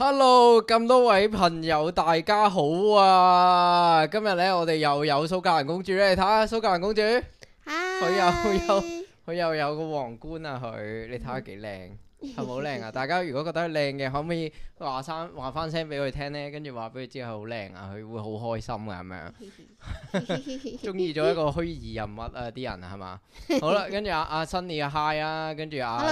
hello，咁多位朋友大家好啊！今日咧我哋又有蘇格蘭公主咧，你睇下蘇格蘭公主，佢又有佢又有個皇冠啊！佢，你睇下幾靚。嗯係咪好靚啊！大家如果覺得佢靚嘅，可唔可以話翻話翻聲俾佢聽呢？跟住話俾佢知佢好靚啊！佢會好開心㗎咁樣。中意咗一個虛擬人物啊！啲人係嘛？ 好啦，跟住啊，阿 Sunny 啊 Sunny, hi 啊，跟住啊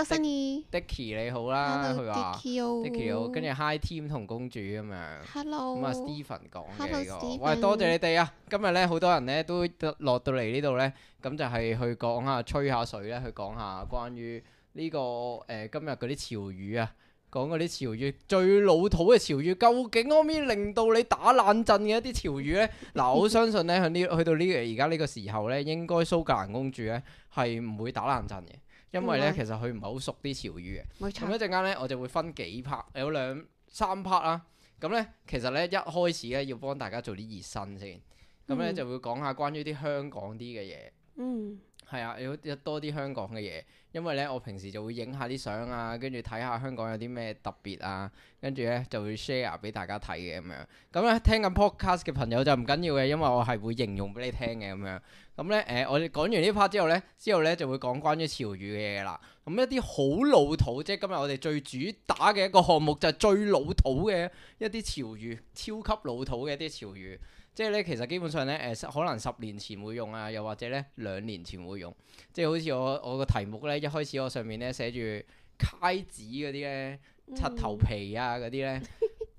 Dicky 你好啦、啊，佢話 Dicky，好。Dicky oh, 跟住 Hi Team 同公主咁樣。Hello、呢個。咁啊 Steven 講嘅，喂多謝你哋啊！今日咧好多人咧都落到嚟呢度咧，咁就係去講下吹下水咧，去講下關於。呢、這個誒、呃、今日嗰啲潮語啊，講嗰啲潮語最老土嘅潮語，究竟可唔可以令到你打冷震嘅一啲潮語咧？嗱、 啊，我相信咧喺呢去、這個、到呢、這個而家呢個時候咧，應該蘇格蘭公主咧係唔會打冷震嘅，因為咧其實佢唔係好熟啲潮語嘅。冇錯。咁一陣間咧，我就會分幾 part，有兩三 part 啦、啊。咁、嗯、咧，其實咧一開始咧要幫大家做啲熱身先。咁咧就會講下關於啲香港啲嘅嘢。嗯。係啊、嗯，有多啲香港嘅嘢。因為咧，我平時就會影下啲相啊，跟住睇下香港有啲咩特別啊，跟住咧就會 share 俾大家睇嘅咁樣。咁咧聽緊 podcast 嘅朋友就唔緊要嘅，因為我係會形容俾你聽嘅咁樣。咁咧誒，我哋講完呢 part 之後咧，之後咧就會講關於潮語嘅嘢啦。咁一啲好老土，即係今日我哋最主打嘅一個項目就係最老土嘅一啲潮語，超級老土嘅一啲潮語。即係咧，其實基本上咧，誒、呃，可能十年前會用啊，又或者咧兩年前會用。即係好似我我個題目咧，一開始我上面咧寫住揩紙嗰啲咧，擦頭皮啊嗰啲咧，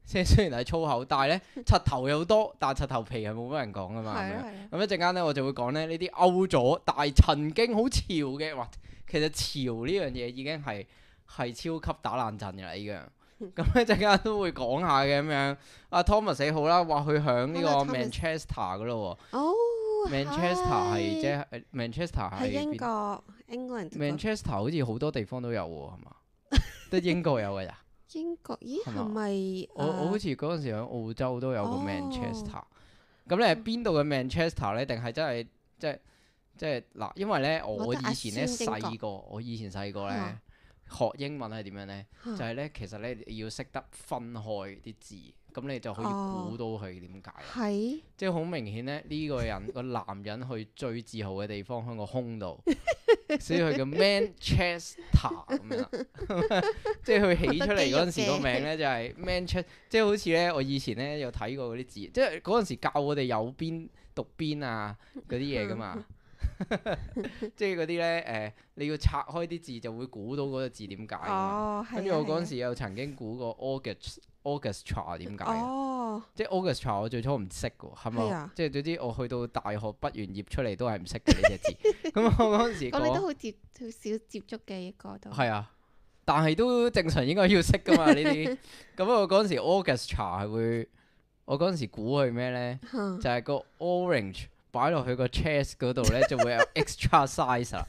即係、嗯、雖然係粗口， 但係咧擦頭又多，但係擦頭皮係冇乜人講噶嘛。咁一陣間咧，我就會講咧呢啲 out 咗，但係曾經好潮嘅。哇，其實潮呢樣嘢已經係係超級打冷震噶啦，呢樣。咁咧一陣間都會講下嘅咁樣，阿 Thomas 你好啦，話佢響呢個 Manchester 噶咯喎。哦，Manchester 係即係 Manchester 喺英國，England。Manchester 好似好多地方都有喎，係嘛？得英國有嘅咋？英國，咦係咪？我我好似嗰陣時喺澳洲都有個 Manchester。咁你係邊度嘅 Manchester 咧？定係真係即係即係嗱？因為咧，我以前咧細個，我以前細個咧。學英文係點樣呢？就係、係、呢，其實呢要識得分開啲字，咁你就可以估到佢點解。哦、即係好明顯呢，呢、呢個人個 男人去最自豪嘅地方喺個胸度， 所以佢叫 Manchester 咁 樣啦。即係佢起出嚟嗰陣時個名呢，就係、係、Manchester，即係 好似呢，我以前呢有睇過嗰啲字，即係嗰陣時教我哋有邊讀邊啊嗰啲嘢噶嘛。 即係嗰啲咧，誒、呃，你要拆開啲字，就會估到嗰個字點解。跟住、哦啊、我嗰陣時又曾經估過 orchestra 點解。哦。即係 orchestra，我最初唔識噶，係咪？啊、即係總之，我去到大學畢完業出嚟都係唔識呢隻字。咁我嗰陣時，我哋 都好接好少接觸嘅一個都。係啊，但係都正常應該要識噶嘛呢啲。咁 我嗰陣時 orchestra 係會，我嗰陣時估佢咩咧？ 就係個 orange。擺落去個 chest 嗰度咧，就會有 extra size 啦，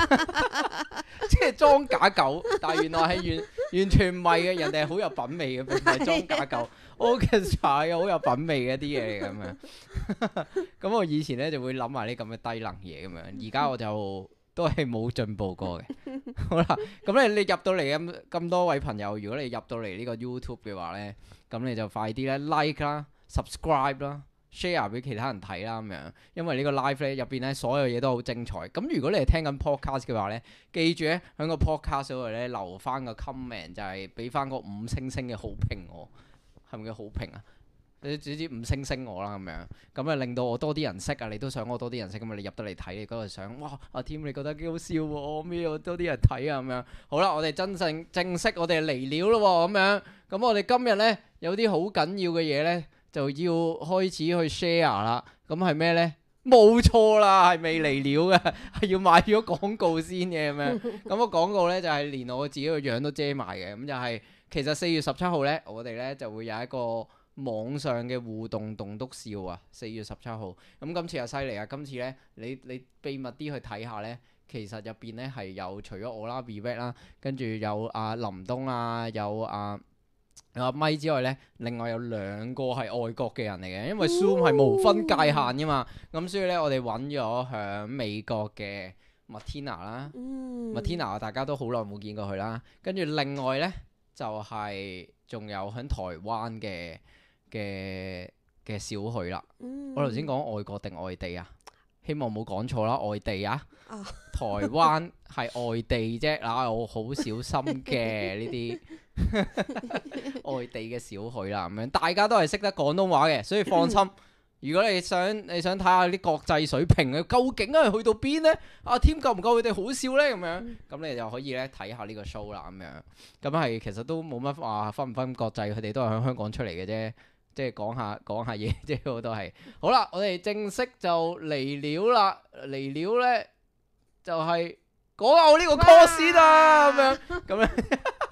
即係裝假狗，但係原來係完完全唔係嘅，人哋係好有品味嘅，並唔係裝假狗，Orchestra 嘅，好 有,有品味嘅一啲嘢咁樣。咁 我以前咧就會諗埋啲咁嘅低能嘢咁樣，而家我就都係冇進步過嘅。 好啦，咁咧你入到嚟咁咁多位朋友，如果你入到嚟呢個 YouTube 嘅話咧，咁你就快啲咧 like 啦，subscribe 啦。share 俾其他人睇啦咁樣，因為個呢個 live 咧入邊咧所有嘢都好精彩。咁如果你係聽緊 podcast 嘅話咧，記住咧喺個 podcast 嗰度咧留翻個 comment 就係俾翻個五星星嘅好評我，係咪叫好評啊？你至少五星星我啦咁樣，咁啊令到我多啲人識啊！你都想我多啲人識咁你入得嚟睇，你嗰度想哇阿、啊、Tim 你覺得幾好笑喎？我咩？多啲人睇啊咁樣。好啦，我哋真正正式我哋嚟了咯喎咁樣。咁我哋今日咧有啲好緊要嘅嘢咧。就要開始去 share 啦，咁係咩咧？冇錯啦，係未嚟料嘅，係要買咗廣告先嘅咁樣。咁 個廣告咧就係、是、連我自己個樣都遮埋嘅。咁就係、是、其實四月十七號咧，我哋咧就會有一個網上嘅互動棟篤笑啊！四月十七號，咁今次又犀利啊！今次咧，你你秘密啲去睇下咧，其實入邊咧係有除咗我啦 Brett 啦，跟住有阿、啊、林東啊，有阿。啊阿咪之外咧，另外有兩個係外國嘅人嚟嘅，因為 Zoom 係無分界限嘅嘛，咁、哦嗯、所以咧我哋揾咗響美國嘅 Matina 啦，m a Matina 啊，嗯、大家都好耐冇見過佢啦。跟住另外咧就係、是、仲有響台灣嘅嘅嘅小許啦。嗯、我頭先講外國定外地啊，希望冇講錯啦，外地啊，啊台灣係外地啫，嗱、啊啊啊、我好小心嘅呢啲。 外地嘅小許啦，咁樣大家都係識得廣東話嘅，所以放心。如果你想你想睇下啲國際水平，究竟係去到邊呢？阿添夠唔夠佢哋好笑呢？咁樣咁你就可以咧睇下呢看看個 show 啦，咁樣咁係其實都冇乜話分唔分國際，佢哋都係喺香港出嚟嘅啫，即係講下講下嘢，啫，我都係。好啦，我哋正式就嚟料啦，嚟料呢，就係、是、講我呢個 course 先啊，咁樣咁樣。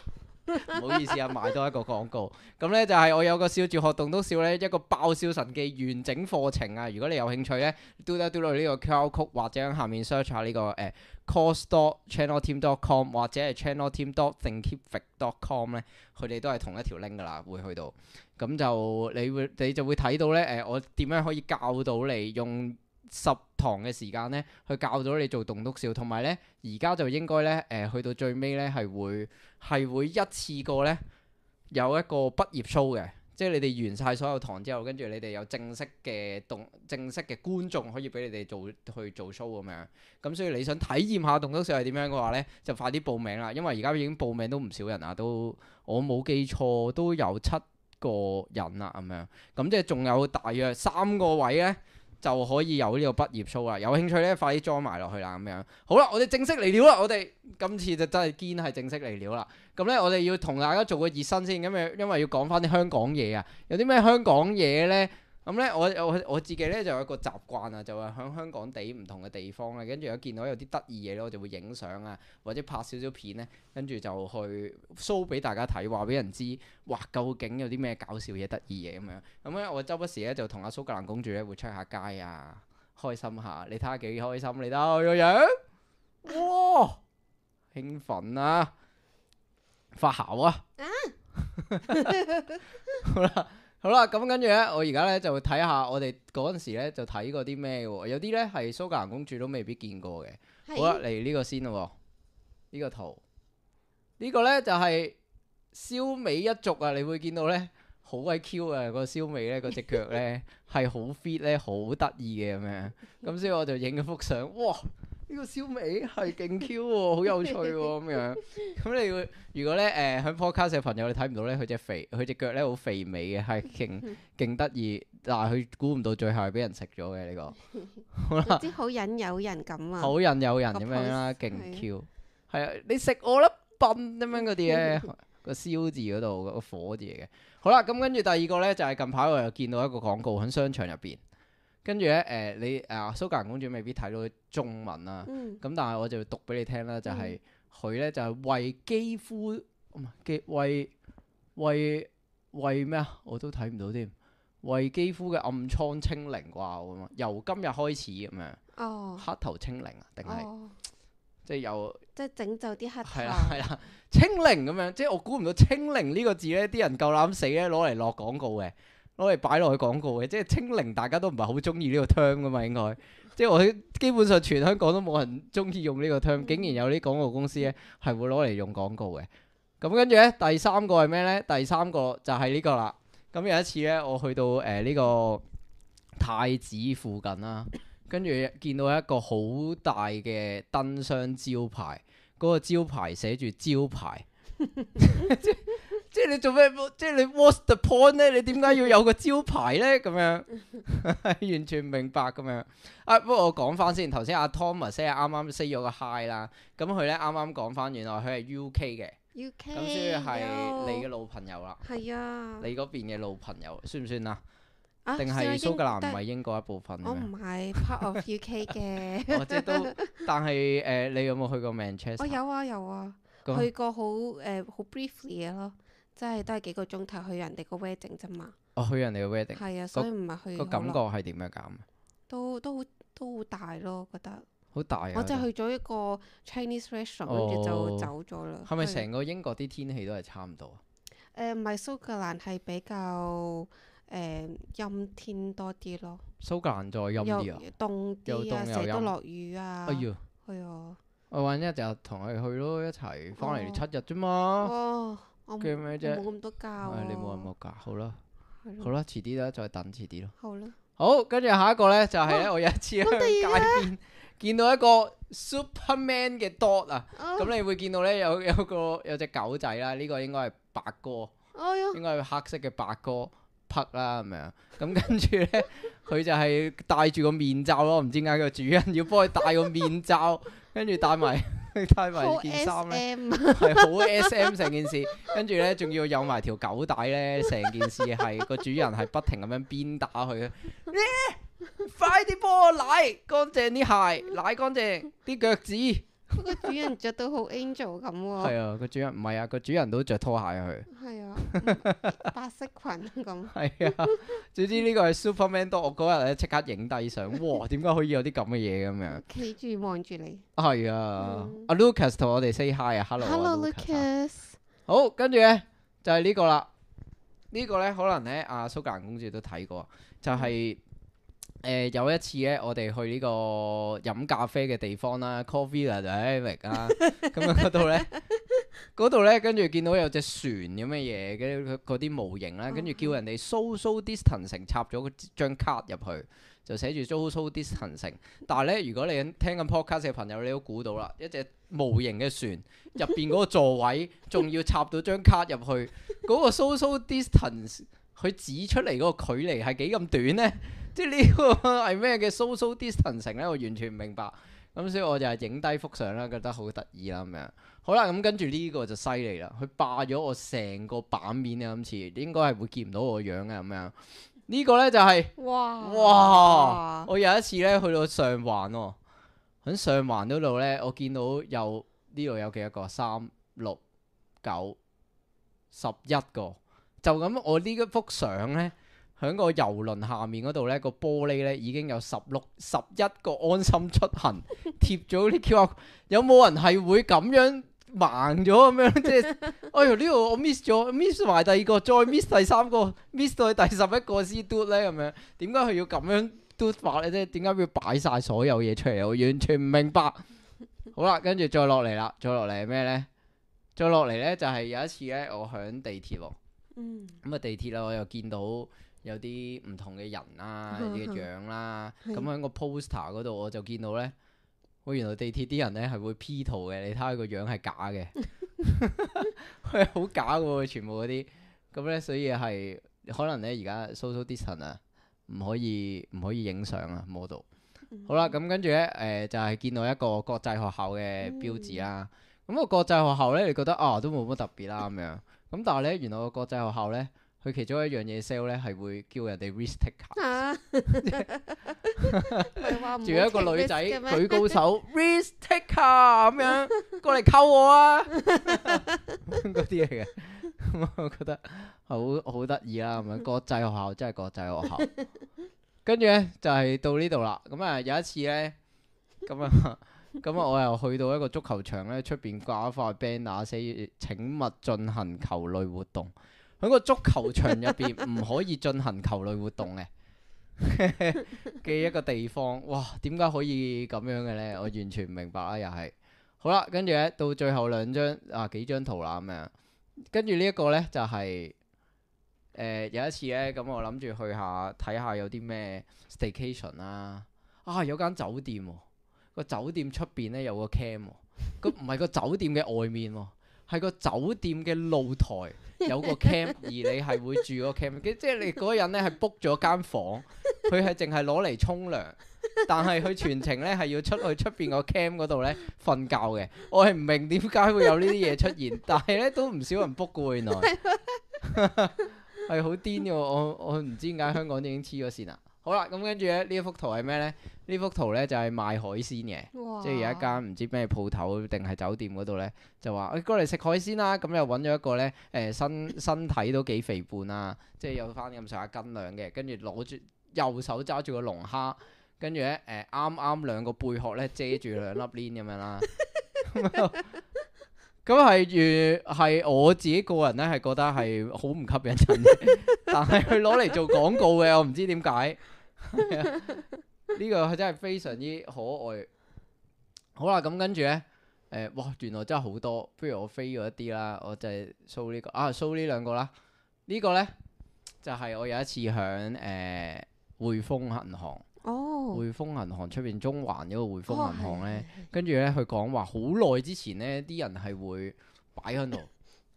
唔 好意思啊，賣多一個廣告。咁呢就係、是、我有個笑住學棟篤笑呢一個爆笑神技完整課程啊！如果你有興趣呢 d o 下 do 落呢個 QR code，或者下面 search 下呢、這個誒、呃、course.chanloktim.com 或者係 chanloktim.thinkific.com 呢，佢哋都係同一條 link 㗎喇，會去到。咁就你會你就會睇到呢。誒、呃，我點樣可以教到你用。十堂嘅時間咧，去教咗你做棟篤笑，同埋咧，而家就應該咧，誒、呃，去到最尾咧，係會係會一次過咧，有一個畢業 show 嘅，即係你哋完晒所有堂之後，跟住你哋有正式嘅棟，正式嘅觀眾可以俾你哋做去做 show 咁樣。咁所以你想體驗下棟篤笑係點樣嘅話咧，就快啲報名啦，因為而家已經報名都唔少人啊，都我冇記錯都有七個人啦咁樣。咁即係仲有大約三個位咧。就可以有呢個畢業 show 啦，有興趣呢，快啲裝埋落去啦咁樣。好啦，我哋正式嚟料啦，我哋今次就真係堅係正式嚟料啦。咁呢，我哋要同大家做個熱身先，因為因為要講翻啲香港嘢啊，有啲咩香港嘢呢？咁咧、嗯，我我我自己咧就有一個習慣啊，就係喺香港地唔同嘅地方咧，跟住有見到有啲得意嘢咧，我就會影相啊，或者拍少少片咧，跟住就去 show 俾大家睇，話俾人知，哇，究竟有啲咩搞笑嘢、得意嘢咁樣。咁、嗯、咧，我周不時咧就同阿蘇格蘭公主咧會出下街啊，開心下。你睇下幾開心，你睇下，個樣，哇，興奮啊，發姣啊！啊、嗯，好啦。好啦，咁跟住呢，我而家呢就會睇下我哋嗰陣時呢就睇過啲咩喎？有啲呢係蘇格蘭公主都未必見過嘅，的好啦，嚟呢個先咯，呢、這個圖，呢、這個呢就係燒尾一族啊！你會見到呢，好鬼 Q 啊！個燒尾呢，嗰個隻腳呢，係好 fit 呢，好得意嘅咁樣，咁 所以我就影咗幅相，哇！呢個燒味係勁 Q 喎，好有趣喎咁樣。咁你 如果咧誒喺 Podcast 嘅朋友，你睇唔到咧佢隻肥佢隻腳咧好肥美嘅，係勁勁得意。但係佢估唔到最後係俾人食咗嘅呢個。好啦，知有好引誘人咁啊，好引誘人咁樣啦，勁 Q。係啊的，你食我粒笨咁樣嗰啲咧個燒字嗰度、個火字嚟嘅。好啦，咁跟住第二個咧就係近排我又見到一個廣告喺商場入邊。跟住咧，誒、呃、你誒、啊《蘇格蘭公主》未必睇到中文啊，咁、嗯、但係我就要讀俾你聽啦，就係佢咧就係、是、為肌膚唔係嘅為為為咩啊？我都睇唔到添，為肌膚嘅暗瘡清零啩咁啊！由今日開始咁樣，哦，黑頭清零啊，定係、哦、即係由即係整就啲黑頭，係啦係啦，清零咁樣，即係我估唔到清零呢個字咧，啲人夠膽死咧攞嚟落廣告嘅。攞嚟擺落去廣告嘅，即係清零大家都唔係好中意呢個 term 噶嘛，應該。即係我基本上全香港都冇人中意用呢個 term，竟然有啲廣告公司咧係會攞嚟用廣告嘅。咁、嗯、跟住咧，第三個係咩咧？第三個就係呢個啦。咁、嗯、有一次咧，我去到誒呢、呃呢個太子附近啦、啊，跟住見到一個好大嘅燈箱招牌，嗰、嗰個招牌寫住招牌。 即係你做咩？即係你 What's the point 咧？你點解要有個招牌咧？咁樣 完全唔明白咁樣。啊，不過我講翻先，頭先阿 Thomas 咧啱啱 say 咗個 hi 啦，咁佢咧啱啱講翻，原來佢係 U K 嘅，U K，咁所以係你嘅老朋友啦。係啊，你嗰邊嘅老朋友 Yeah. 算唔算啊？定係蘇格蘭唔係英國一部分？ 我唔係 part of U K 嘅， 或者都，但係誒、呃，你有冇去過 Manchester？我、oh, 有啊，有啊，有，啊有啊，去過好誒好 briefly 咯。呃即係都係幾個鐘頭去人哋個 Wedding 啫嘛。哦，去人哋個 Wedding。係啊，所以唔係去好耐。個感覺係點樣減？都都好都好大咯，覺得。好大啊！我就去咗一個 Chinese restaurant，跟住就走咗啦。係咪成個英國啲天氣都係差唔多啊？誒，唔係蘇格蘭係比較誒陰天多啲咯。蘇格蘭再陰啲啊！又凍啲啊，成日都落雨啊。哎呀，係啊。我玩一日就同佢去咯，一齊翻嚟七日啫嘛。叫咩啫？冇咁多膠，你冇咁多膠，好啦，好啦，遲啲啦，再等遲啲咯。好啦，好，跟住下一個咧就係咧，我有一次去街邊見到一個 Superman 嘅 dog 啊，咁你會見到咧有有個有隻狗仔啦，呢個應該係白哥，應該係黑色嘅白哥匹啦，係咪啊？咁跟住咧，佢就係戴住個面罩咯，唔知點解個主人要幫佢戴個面罩，跟住戴埋。 你戴埋件衫咧，係好 S, S M 成件事，跟住咧仲要有埋條狗帶咧，成件事係個 主人係不停咁樣鞭打佢啊！ 快啲幫我舐乾淨啲鞋，舐乾淨啲腳趾。個 主人着到好 angel 咁喎，係啊，個主人唔係啊，個主人都着拖鞋去、啊，係 啊，白色裙咁，係 啊，總之呢個係 Superman 多，我嗰日咧即刻影低相，哇，點解可以有啲咁嘅嘢咁樣？企住望住你，係啊，阿、嗯啊、Lucas 同我哋 say hi 啊 Hello，hello，hello Lucas，好，跟住咧就係、是這個、呢個啦，呢個咧可能咧阿蘇格蘭公主都睇過，就係、是。誒、呃、有一次咧，我哋去呢個飲咖啡嘅地方啦 coffee and cafe 啊，咁啊嗰度咧，嗰度咧，跟住 見到有隻船咁嘅嘢，嗰啲模型啦，跟住 Okay. 叫人哋 social distancing，插咗張卡入去，就寫住 social distancing。So、ancing，但係咧，如果你聽緊 podcast 嘅朋友，你都估到啦，一隻模型嘅船入邊嗰個座位，仲要插到張卡入去，嗰 個 social distancing 佢指出嚟嗰個距離係幾咁短咧？ 即係呢個係咩嘅 social distancing 咧？我完全唔明白。咁、嗯、所以我就係影低幅相啦，覺得好得意啦咁樣。好啦，咁跟住呢個就犀利啦，佢霸咗我成個版面啊！今次應該係會見唔到我樣嘅咁樣。是是這個、呢個咧就係、是、哇哇！我有一次咧去到上環喎、哦，喺上環嗰度咧，我見到有呢度有幾多個？三六九十一個。就咁，我呢一幅相咧。喺個遊輪下面嗰度咧，個玻璃咧已經有十六十一個安心出行貼咗啲 QR 啊，有冇人係會咁樣盲咗咁樣？ 即係哎呀呢個我 miss 咗，miss 埋第二個，再 miss 第三個，miss 到第十一個先 do 咧咁樣？點解佢要咁樣 do 法咧？即係點解要擺晒所有嘢出嚟？我完全唔明白。好啦，跟住再落嚟啦，再落嚟係咩咧？再落嚟咧就係有一次咧，我響地鐵咯，嗯，咁啊地鐵啦，我又見到。有啲唔同嘅人啦、啊，啲嘅樣啦、啊，咁喺、嗯、個 poster 嗰度我就見到咧，我、哎、原來地鐵啲人咧係會 P 圖嘅，你睇下個樣係假嘅，係好褪褪 假嘅喎，全部嗰啲，咁咧所以係可能咧而家 social distancing 啊，唔可以唔可以影相啊 model。嗯、好啦，咁跟住咧誒就係、是、見到一個國際學校嘅標誌啦，咁、嗯嗯、個國際學校咧你覺得啊都冇乜特別啦咁樣，咁但係咧原來個國際學校咧。佢其中一樣嘢 sale 咧，係會叫人哋 risk ticker。仲有一個女仔舉高手 risk ticker 咁樣過嚟溝我啊！嗰啲嚟嘅，咁我覺得好好得意啦！咁樣國際學校真係國際學校。跟住咧就係、是、到呢度啦。咁啊有一次咧，咁啊咁啊我又去到一個足球場咧，出邊掛一塊 banner 寫：請勿進行球類活動。喺個足球場入邊唔可以進行球類活動嘅嘅 一個地方，哇！點解可以咁樣嘅呢？我完全唔明白啊！又係好啦，跟住咧到最後兩張啊幾張圖啦咁樣，跟住呢一個呢，就係、是、誒、呃、有一次呢。咁、嗯、我諗住去下睇下有啲咩 staycation 啦、啊，啊有間酒店、哦酒店個、哦、個酒店出邊呢有個 cam，佢唔係個酒店嘅外面、哦。係個酒店嘅露台有個 camp，而你係會住個 camp，即係你嗰個人呢，係 book 咗間房，佢係淨係攞嚟沖涼，但係佢全程呢，係要出去出面個 camp 嗰度呢瞓覺嘅。我係唔明點解會有呢啲嘢出現，但係呢都唔少人 book 過原來，係好癲嘅。我我唔知點解香港已經黐咗線啦。好啦，咁跟住咧，呢一幅圖係咩呢？呢幅圖呢就係賣海鮮嘅，即係有一間唔知咩鋪頭定係酒店嗰度呢，就話、是：誒哇、哎，過嚟食海鮮啦！咁、嗯、又揾咗一個呢，誒、呃、身身體都幾肥胖啦，即係有翻咁上下斤兩嘅，跟住攞住右手揸住個龍蝦，跟住呢，誒啱啱兩個貝殼呢遮住兩粒鏈咁樣啦。 咁係如係我自己個人咧，係覺得係好唔吸引人， 但係佢攞嚟做廣告嘅，我唔知點解。呢個佢真係非常之可愛。好啦，咁跟住咧，誒、呃，哇，原來真係好多。不如我飛咗一啲啦，我就 show 呢、這個啊，show、這個、呢兩個啦。呢個咧就係、是、我有一次響誒匯豐銀行。哦，匯豐銀行出邊中環一個匯豐銀行咧，跟住咧佢講話，好耐之前咧啲人係會擺喺度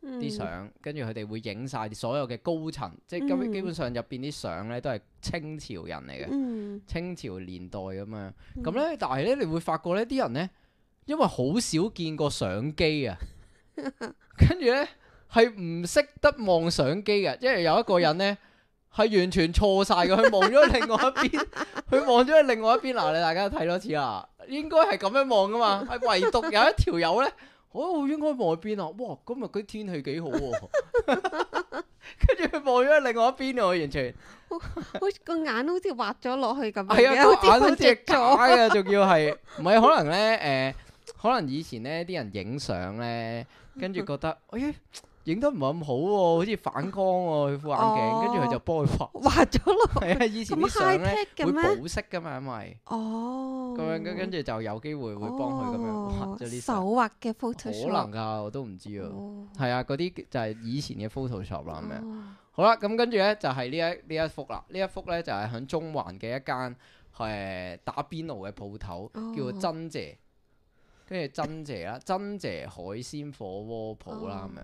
啲相，跟住佢哋會影晒所有嘅高層，即係咁基本上入邊啲相咧都係清朝人嚟嘅，嗯、清朝年代咁、嗯、樣。咁咧，但係咧你會發覺咧啲人咧，因為好少見過相機啊，跟住咧係唔識得望相機嘅，即係有一個人咧。嗯係完全錯晒嘅，佢望咗另外一邊，佢望咗去另外一邊。嗱，你大家睇多次啊，應該係咁樣望噶嘛。係唯獨有一條友咧，我應該望去邊啊？哇，今日嗰啲天氣幾好喎、啊。跟住佢望咗去另外一邊啊，完全，我我好似個眼好似滑咗落去咁。係 啊，個眼好似折咗嘅，仲 要係唔係？可能咧，誒、呃，可能以前咧啲人影相咧，跟住覺得，哎。 影得唔係咁好喎，好似反光喎，佢副眼鏡，跟住佢就幫佢畫。畫咗咯。係啊，以前啲相咧會補色噶嘛，係咪？哦。咁樣跟跟住就有機會會幫佢咁樣畫咗啲手畫嘅 photoshop。可能噶，我都唔知啊。係啊，嗰啲就係以前嘅 photoshop 啦咁樣。好啦，咁跟住咧就係呢一呢一幅啦，呢一幅咧就係喺中環嘅一間誒打邊爐嘅鋪頭，叫做珍姐。跟住珍姐啦，珍姐海鮮火鍋鋪啦咁樣。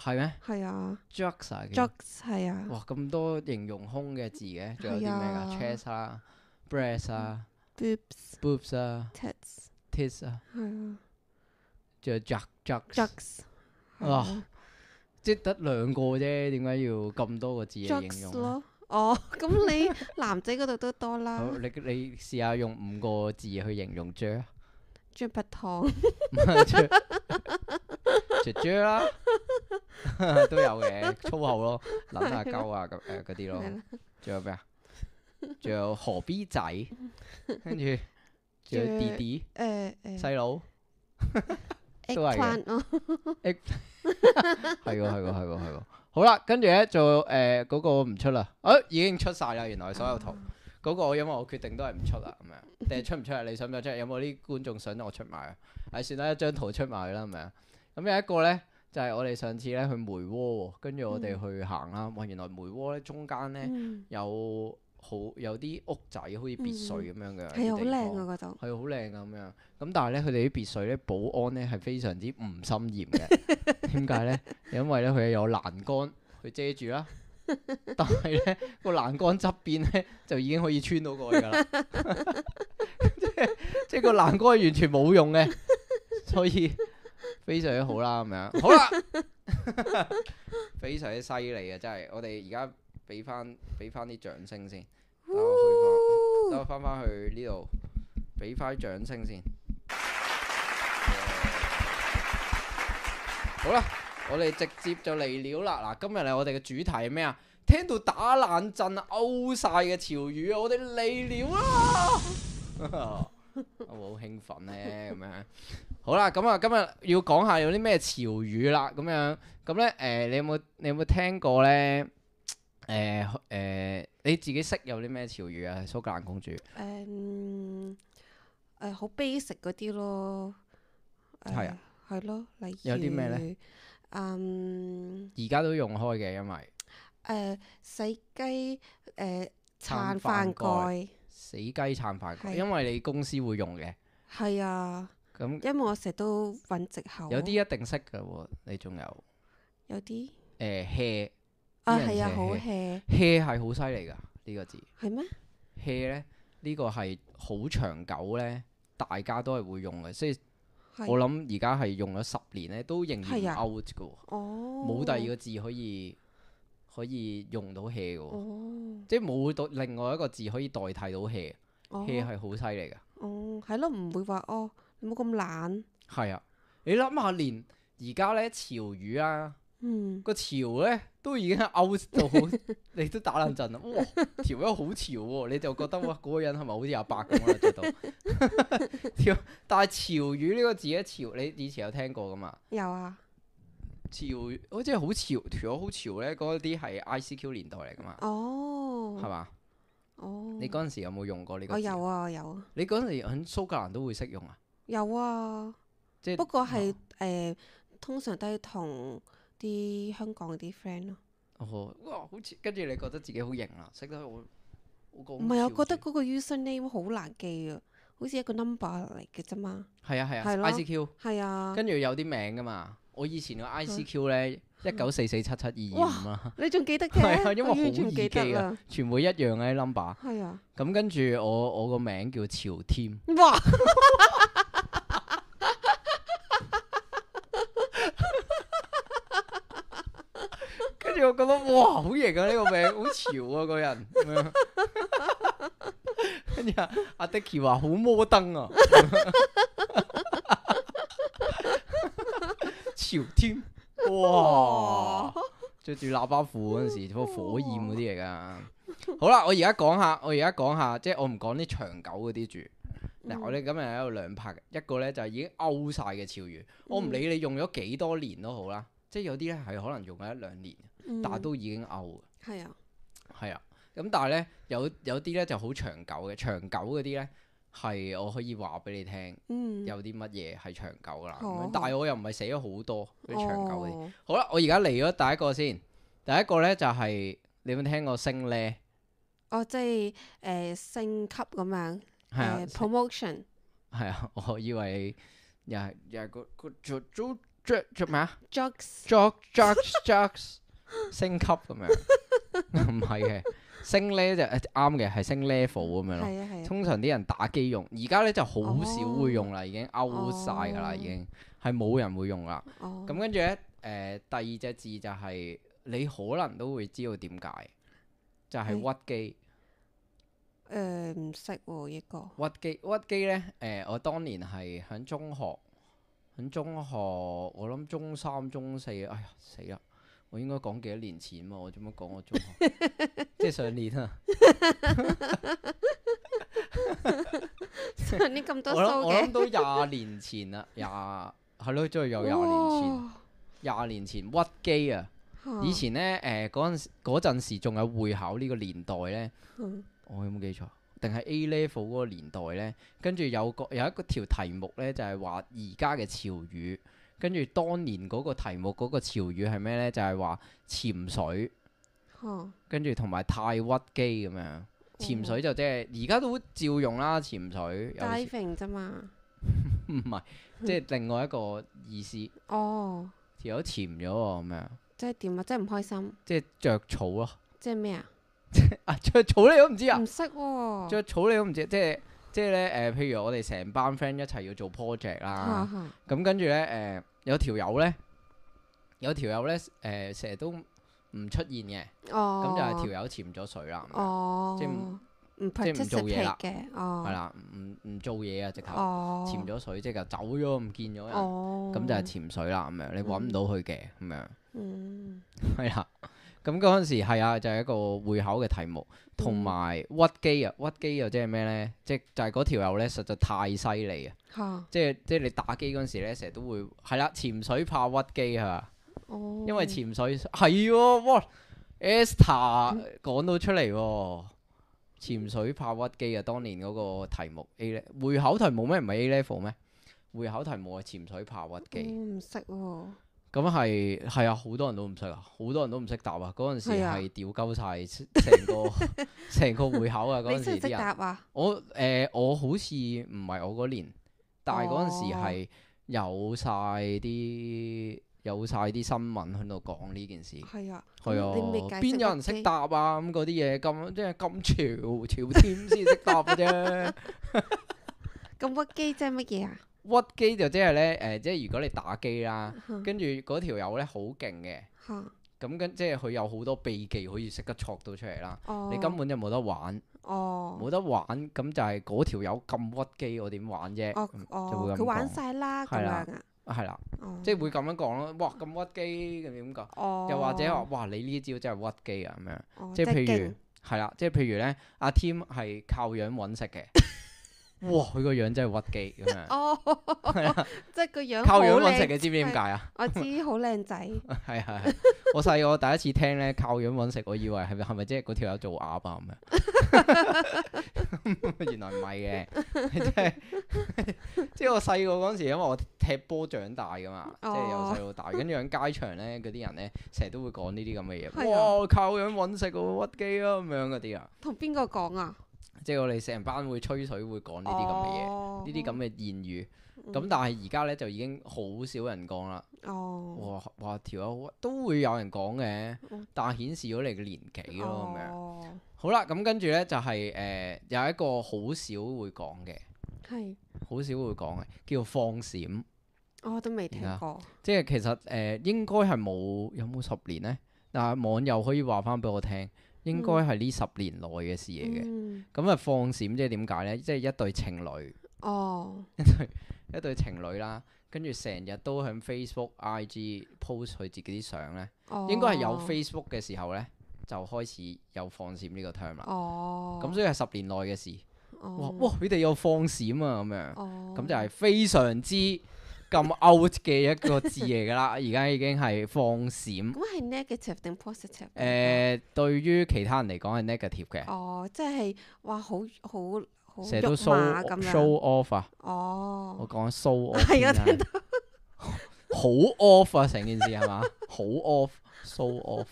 係咩？係啊。jugs 啊。jugs 係啊。哇，咁多形容胸嘅字嘅，仲有啲咩啊？chest 啦 breast 啊，boobs，boobs 啊，tits，tits 啊，係啊，仲有 jug jugs jugs。哇，即得兩個啫，點解要咁多個字嚟形容？咯，哦，咁你男仔嗰度都多啦。好，你你試下用五個字去形容 j 脹。豬八湯，豬豬啦，都 有嘅粗口咯，捻下鳩啊咁誒嗰啲咯，仲有咩啊？仲有何必仔，跟住仲有弟弟，誒誒細佬，都係嘅，係喎係喎係喎係喎，好啦， 跟住咧就誒嗰個唔出啦，誒、哦、已經出晒啦，原來所有圖。嗰個因為我決定都係唔出啦，咁樣定係出唔出啊？你想唔想出？有冇啲觀眾想我出埋？係 算啦，一張圖出埋啦，咁樣。咁有一個咧，就係、是、我哋上次咧去梅窩，跟住我哋去行啦。哇，嗯、原來梅窩咧中間咧、嗯、有好有啲屋仔，好似別墅咁樣嘅，係好靚啊嗰度，係好靚啊咁樣。咁種但係咧佢哋啲別墅咧保安咧係非常之唔森嚴嘅，點解咧？因為咧佢有欄杆去遮住啦。但係咧個欄杆側邊咧就已經可以穿到過去噶啦， 即係即係個欄杆係完全冇用嘅，所以非常之好啦咁樣。好啦， 非常之犀利啊！真係，我哋而家俾翻俾翻啲掌聲先，等我翻翻去呢度俾翻掌聲先、 嗯。好啦。我哋直接就嚟料啦！嗱，今日嚟我哋嘅主題係咩啊？聽到打冷震、out 晒嘅潮語啊！我哋嚟料啦！我 好興奮咧，咁樣好啦，咁啊，今日要講下有啲咩潮語啦，咁樣咁咧，誒、嗯，你有冇你有冇聽過咧？誒、嗯、誒、呃，你自己識有啲咩潮語啊？蘇格蘭公主，誒誒，好 basic 嗰啲咯，係、呃、啊，係、嗯、咯，例如有啲咩咧？嗯，而家都用開嘅，因為誒、死雞誒撐飯蓋，死雞撐飯蓋，因為你公司會用嘅，係啊，咁因為我成日都揾藉口，有啲一定識噶喎，你仲有，有啲誒 hea 啊，係啊，好 hea，hea 係好犀利噶，呢個字係咩 hea 咧？呢個係好長久咧，大家都係會用嘅，即係。我諗而家係用咗十年咧，都仍然 out 嘅冇、啊哦、第二個字可以可以用到 hea 喎，哦、即係冇到另外一個字可以代替到 hea hea 係好犀利嘅。哦，係咯，唔會話哦，你冇咁懶。係啊，你諗下連而家咧潮語啊，個、嗯、潮咧。都已經喺 out 度好，你 都打冷震啦。哇，條友好潮喎，啊，你就覺得哇，嗰個人係咪好似阿伯咁啊？做到，潮，但係潮語呢個字咧，潮，你以前有聽過噶嘛？有啊。潮，好似好潮，條友好潮咧，嗰啲係 I C Q 年代嚟噶嘛？哦，係嘛吧？哦，你嗰陣時有冇用過呢個字？我有啊，我有啊。你嗰陣時喺蘇格蘭都會識用啊？有啊，即不過係誒、呃，通常都係同。啲香港嗰啲 friend 咯，哦，好似跟住你覺得自己好型啦，識得好好唔係，我覺得嗰個 username 好難記啊，好似一個 number 嚟嘅啫嘛。係啊係啊，ICQ 係啊，跟住、啊啊、有啲名噶嘛。我以前個 ICQ 咧一九四四七七二五啊。你仲記得嘅？係啊，因為好易記啊，記會 number，啊，全部一樣嘅 number。係啊，咁跟住我我個名叫朝添。哇 我覺得哇，好型啊！呢、這個名好潮啊！個人，跟 住阿阿 Dickie 話好摩登啊！ 潮添哇，着住喇叭褲嗰時，個火焰嗰啲嚟噶。哇好啦，我而家講下，我而家講下，即係我唔講啲長久嗰啲住。嗱、嗯，我哋今日喺度兩拍，一個咧就係、是、已經 out 晒嘅潮語，嗯、我唔理你用咗幾多年都好啦，即係有啲咧係可能用咗一兩年。但都已經 out，係啊，係啊。咁但係咧，有有啲咧就好長久嘅，長久嗰啲咧係我可以話俾你聽，有啲乜嘢係長久噶啦。但係我又唔係死咗好多啲長久嘅。好啦，我而家嚟咗第一個先，第一個咧就係你有冇聽過升呢？哦，即係誒升級咁樣，promotion 係啊。我以為又呀個個做做做咩？jugs jock jugs 升級咁樣， 唔係嘅，升呢就啱嘅，係升 level 咁樣咯。係呀係呀。通常啲人打機用，而家呢就好少會用啦，哦，已經 out 晒噶啦，已經係冇人會用啦。咁跟住呢，誒、呃、第二隻字就係、是、你可能都會知道點解，就係、是、屈機。誒唔識一個屈機屈機呢，誒、呃、我當年係喺中學喺中學，我諗中三中四，哎呀死啦！我應該講幾多年前嘛？我做乜講我中學？ 即係上年啊！我諗我諗到廿年前啦，廿係咯，再有廿年前，廿年前屈機啊！以前咧，誒、嗰陣嗰陣時仲有會考呢個年代咧，嗯、我有冇記錯？定係 A level 嗰個年代咧？跟住有個有一個條題目咧，就係話而家嘅潮語。跟住當年嗰個題目嗰、嗰個潮語係咩呢？就係、是、話潛水，oh. 跟住同埋太屈機咁樣。潛水就即係而家都照用啦。潛水有 diving 啫嘛，唔係、嗯、即係另外一個意思。哦、oh.，條友潛咗喎咁樣。即係點啊？即係唔開心。即係着草咯。即係咩啊？即 啊！著草你都唔知啊？唔識喎。著草你都唔知，即係。即係咧，誒、呃，譬如我哋成班 friend 一齊要做 project 啦，咁、嗯嗯、跟住咧，誒、呃，有條友咧，有條友咧，誒，成日都唔出現嘅，咁、哦、就係條友潛咗水啦，即係唔即係唔做嘢啦，係啦，唔唔做嘢啊，直頭潛咗水，即係走咗唔見咗人。咁、哦、就係潛水啦，咁樣、嗯、你揾唔到佢嘅，咁樣，係啦、嗯。 咁嗰陣時係啊，就係、是、一個會考嘅題目，同埋屈機啊，屈機又即係咩呢？即係就係嗰條友呢，實在太犀利哈啊！即係即係你打機嗰陣時咧，成日都會係啦，潛水怕屈機啊。哦、因為潛水係喎，Esther 講到出嚟喎，潛水怕屈機啊！當年嗰個題目 A 咧，會考題冇咩唔係 A level 咩？會考題冇係潛水怕屈機，唔識喎。咁係係啊，好多人都唔識啊，好多人都唔識答啊。嗰陣時係屌鳩晒成個成個會考啊。嗰陣時啲人答啊，我誒，我好似唔係我嗰年，但係嗰陣時係有晒啲有晒啲新聞喺度講呢件事。係啊，係啊，邊有人識答啊？咁嗰啲嘢，咁，即係咁潮潮天先識答嘅啫。咁屈機即係乜嘢啊？屈機就即係咧，誒，即係如果你打機啦，跟住嗰條友咧好勁嘅，咁跟即係佢有好多秘技可以識得錯到出嚟啦。你根本就冇得玩，冇得玩，咁就係嗰條友咁屈機，我點玩啫？就會咁講，佢玩晒啦，咁樣啊，係啦，即係會咁樣講咯。哇，咁屈機咁點講？又或者話哇，你呢招真係屈機啊咁樣。即係譬如係啦，即係譬如咧，阿 Tim 係靠樣揾食嘅。哇！佢個樣真係屈機咁樣，哦，即係個樣靠樣揾食嘅，知唔知點解啊？我知好靚仔，係係。我細個第一次聽咧，靠樣揾食，我以為係係咪即係嗰條友做鴨啊咁樣，係咪，原來唔係嘅，即係即係我細個嗰時，因為我踢波長大噶嘛，即係由細到大，跟住喺街場咧，嗰啲人咧成日都會講呢啲咁嘅嘢。哇！靠樣揾食，屈機啊咁樣嗰啲啊，同邊個講啊？即係我哋成班會吹水會，會講呢啲咁嘅嘢，呢啲咁嘅言語。咁、嗯、但係而家呢，就已經好少人講啦。哦，哇哇，條友都會有人講嘅，哦、但係顯示咗你嘅年紀咯咁樣。哦、好啦，咁跟住呢，就係、是、誒、呃、有一個好少會講嘅，係好是少會講嘅，叫做放閃、哦。我都未聽過。即係其實誒，應該係冇有冇十年咧？但，網友可以話翻俾我聽。應該係呢十年內嘅事嚟嘅，咁啊、嗯、放閃即係點解呢？即、就、係、是、一對情侶、哦，一對情侶啦，跟住成日都喺 Facebook、IG post 佢自己啲相呢。哦、應該係有 Facebook 嘅時候呢，就開始有放閃呢個 term 啦，咁、哦、所以係十年內嘅事、哦哇。哇！佢哋有放閃啊咁樣，咁、哦、就係非常之～咁 out 嘅一個字嚟㗎啦，而家已經係放閃。咁係 negative 定 positive？誒，對於其他人嚟講係 negative 嘅。哦，即係哇，好好，成日都 show show off 啊！哦。我講 show off。係啊，聽到。好 off 啊！成件事係嘛？好 off，show off。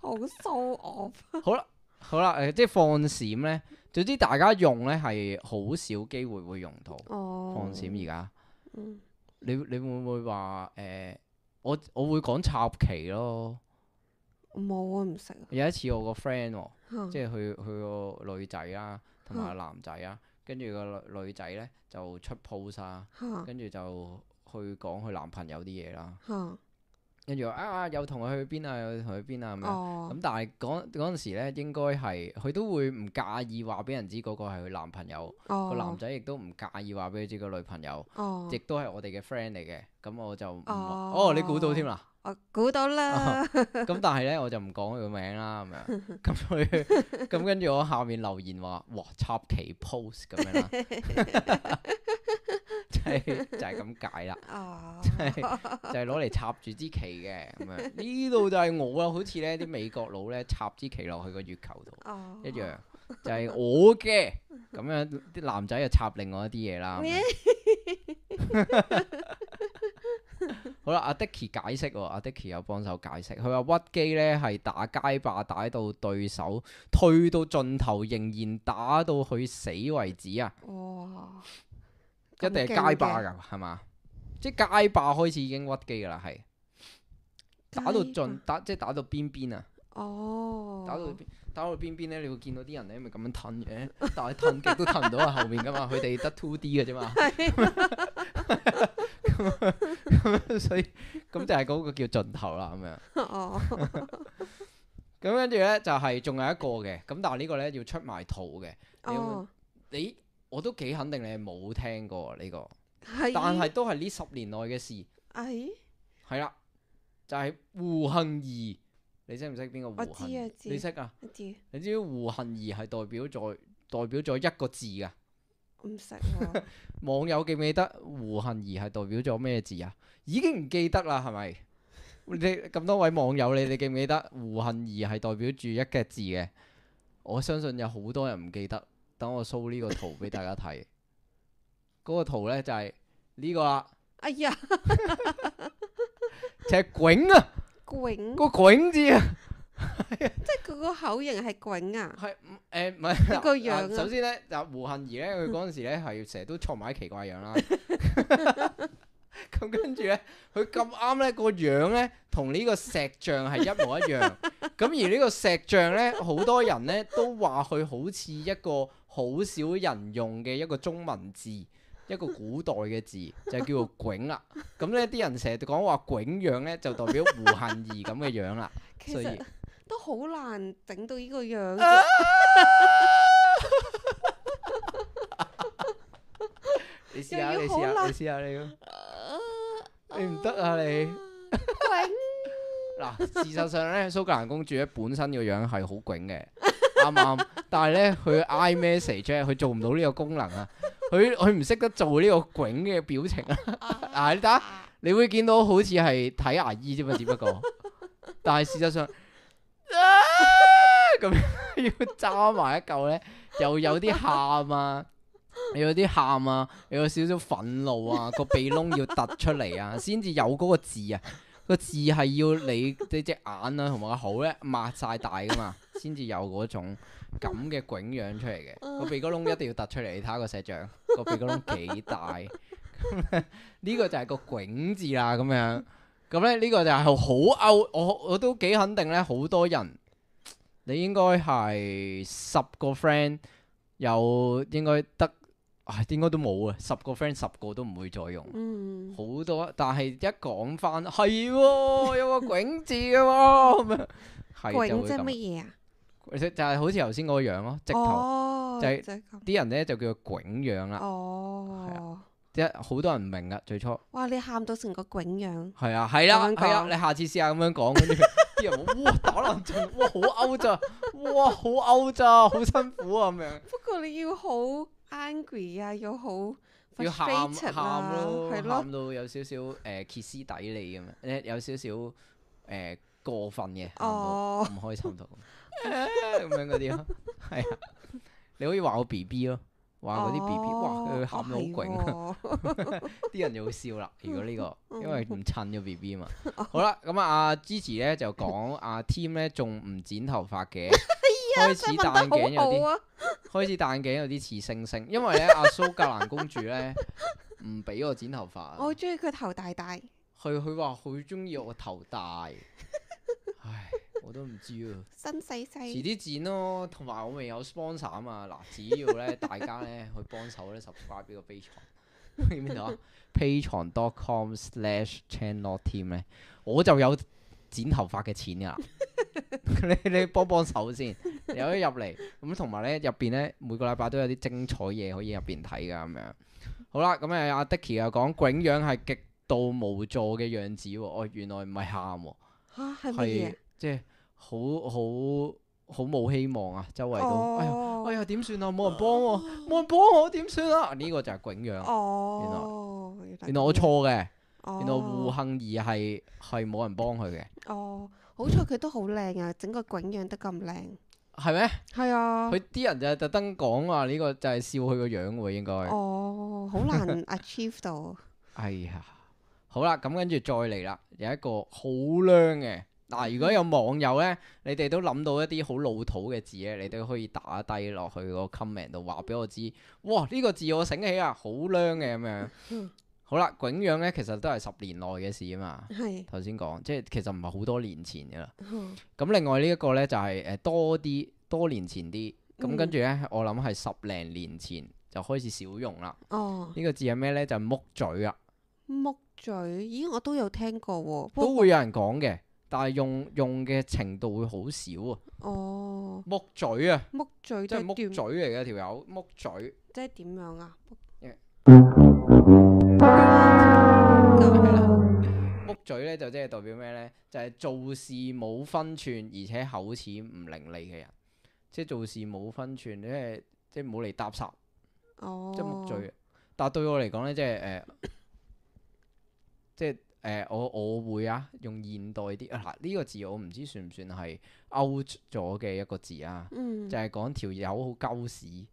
好 show off。好啦，好啦，誒，即係放閃咧。總之大家用咧係好少機會會用到。哦。放閃而家。嗯、你你會唔會話誒、呃？我我會講插旗咯，冇啊，唔識。有一次我個 friend 喎，啊、即係佢佢個女仔啦，同埋男仔啦，跟住個女仔呢就出 post 啦，啊，跟住就去講佢男朋友啲嘢啦。啊跟住話啊，有同佢去邊啊，有同佢去邊啊咁樣。咁、oh. 但係嗰嗰陣時咧，應該係佢都會唔介意話俾人知嗰個係佢男朋友。個、oh. 男仔亦都唔介意話俾佢知個女朋友，亦都係我哋嘅 friend 嚟嘅。咁我就唔，oh. 哦你估到添啦。我估到啦，咁、 哦、但係咧我就唔講佢個名啦，咁樣咁佢咁跟住我下面留言話，哇，插旗 pose 咁樣啦，就係、是 oh. 就係咁解啦，就係、是、就係攞嚟插住支旗嘅咁樣，呢度就係我啊，好似咧啲美國佬咧插支旗落去個月球度、oh. 一樣，就係、是、我嘅，咁樣啲男仔就插另外一啲嘢啦。是 好啦，阿 Dicky 解釋喎，阿 Dicky 有幫手解釋。佢話屈機呢係打街霸打到對手退到盡頭，仍然打到佢死為止啊！哇、哦，一定係街霸噶，係嘛？即係街霸開始已經屈機噶啦，係打到盡霸打即係打到邊邊啊！哦打，打到邊打到邊邊呢，你會見到啲人呢咪咁樣褪嘅，但係褪極都褪唔到啊， 後面噶嘛，佢哋得 two D 嘅啫嘛。 所以咁就係嗰個叫盡頭啦，咁樣。咁跟住呢，就係、是、仲有一個嘅，咁但係呢個呢，要出埋圖嘅。你，有有、哦、你我都幾肯定你係冇聽過呢、這個，的但係都係呢十年內嘅事。係、哎。係啦，就係、是、胡杏兒，你識唔識邊個胡杏兒？我知啊，你識啊？知。你唔知胡杏兒係代表咗代表咗一個字噶？唔識啊！ 網友記唔記得胡杏兒係代表咗咩字啊？已經唔記得啦，係咪？你咁多位網友，你哋記唔記得胡杏兒係代表住一個字嘅？我相信有好多人唔記得。等我 show 呢個圖俾大家睇，嗰 個圖呢，就係、是、呢個啦、啊。哎呀，係 拱啊，拱個字啊！ 即係佢個口型係囧啊，係誒唔係個樣、啊、首先咧，嗱胡杏兒咧，佢嗰陣時咧係成日都錯埋奇怪樣啦。咁 跟住咧，佢咁啱咧個樣咧，同呢個石像係一模一樣。咁 而呢個石像咧，好多人咧都話佢好似一個好少人用嘅一個中文字， 一個古代嘅字，就叫做囧啦、啊。咁咧啲人成日講話囧樣咧，就代表胡杏兒咁嘅樣啦。 其實 所以。都好難整到呢個樣，你要好難，你試下你，你唔得啊你，囧，嗱，事實上咧，蘇格蘭公主咧本身個樣係好囧嘅，啱唔啱？但係咧，佢 i message 佢做唔到呢個功能啊，佢佢唔識得做呢個囧嘅表情啊，嗱，你打，你會見到好似係睇牙醫啫嘛，只不過，但係事實上。啊，咁 要揸埋一嚿咧，又有啲喊啊，又有啲喊啊，又有少少憤怒啊，個 鼻窿要突出嚟啊，先至有嗰個字啊，個字係要你你隻眼啊同埋個口咧擘晒大噶嘛，先至有嗰種咁嘅囧樣出嚟嘅，個 鼻哥窿一定要突出嚟，你睇下個石像個鼻哥窿幾大，呢 個就係個囧字啦，咁樣。咁咧呢個就係好 out，我我都幾肯定咧，好多人，你應該係十個 friend，又應該得，應該都冇啊，十個 friend 十個都唔會再用，好多。但係一講翻係喎，有個囧字嘅喎，係囧即係乜嘢啊？就係好似頭先嗰個樣咯，直頭就係啲人咧就叫囧樣啦。哦，係啊。即係好多人唔明噶最初。哇！你喊到成個囧樣。係啊，係啦，係啊，你下次試下咁樣講，跟住啲人話：哇打冷震，哇好嬲咋，哇好嬲咋，好辛苦啊咁樣。不過你要好 angry 啊，要好要喊喊咯，喊到有少少誒歇斯底里咁樣，有少少誒過分嘅，喊到唔開心到咁樣嗰啲咯，係啊，你可以話我 B B 咯。哇嗰啲 BB，哇佢、哦、喊到好勁，啲、哦哦、人就會笑啦。如果呢、這個，因為唔襯嘅 BB 嘛。好啦，咁啊，阿芝咧就講阿 Tim 咧仲唔剪頭髮嘅，哎、呀開始戴眼鏡有啲，啊、開始戴眼鏡有啲似星星。因為咧阿蘇格蘭公主咧唔俾我剪頭髮，我中意佢頭大大。佢佢話佢中意我頭大。 我都唔知啊，新世世，遲啲剪咯，同埋我未有 sponsor 啊嘛。嗱，只要咧 大家咧去幫手咧 subscribe 呢個 Patreon，去邊度啊？patreon.com/slash/channel/team 咧， 我就有剪頭髮嘅錢噶啦。你 你幫幫手先，有得入嚟咁，同埋咧入邊咧每個禮拜都有啲精彩嘢可以入邊睇噶咁樣。好啦，咁啊阿 Dicky 又講囧樣係極度無助嘅樣子喎、哦，哦原來唔係喊喎，即係、啊。好好好冇希望啊！周圍都、oh. 哎呀哎呀，點算啊？冇人幫我，冇、oh. 人幫我點算啊？呢、這個就係囧樣哦、oh.，原來原來我錯嘅，oh. 原來胡杏兒係係冇人幫佢嘅哦。Oh. 好彩佢都好靚啊，整個囧樣得咁靚，係咩嗎？係啊， 佢啲人就係特登講話呢個就係笑佢個樣嘅應該哦，好、oh. 難 achieve 到。 哎呀，好啦，咁跟住再嚟啦，有一個好靚嘅。嗱、啊，如果有網友咧，你哋都諗到一啲好老土嘅字咧，你都可以打低落去、那個 comment 度話俾我知。哇，呢、這個字我醒起啊，好娘嘅咁樣。 好啦，囧樣咧其實都係十年內嘅事啊嘛。係是。頭先講即係其實唔係好多年前噶啦。咁 另外呢一個咧就係、是、誒多啲多年前啲，咁跟住咧我諗係十零年前就開始少用啦。哦。呢個字係咩咧？就木、是、嘴啊。木嘴？咦，我都有聽過喎、啊。都會有人講嘅。但係用用嘅程度會好少啊！哦，木嘴啊，木嘴即係木嘴嚟嘅條友，木嘴即係點樣啊？木嘴咧就即係代表咩咧？就係做事冇分寸，而且口齒唔伶俐嘅人，即係做事冇分寸，即係即係冇嚟搭霎。哦，即係木嘴。但係對我嚟講咧，即係誒，即係。誒、呃、我我會啊，用現代啲啊，嗱、這、呢個字我唔知算唔算係 out 咗嘅一個字啊，嗯、就係講條友好鳩屎，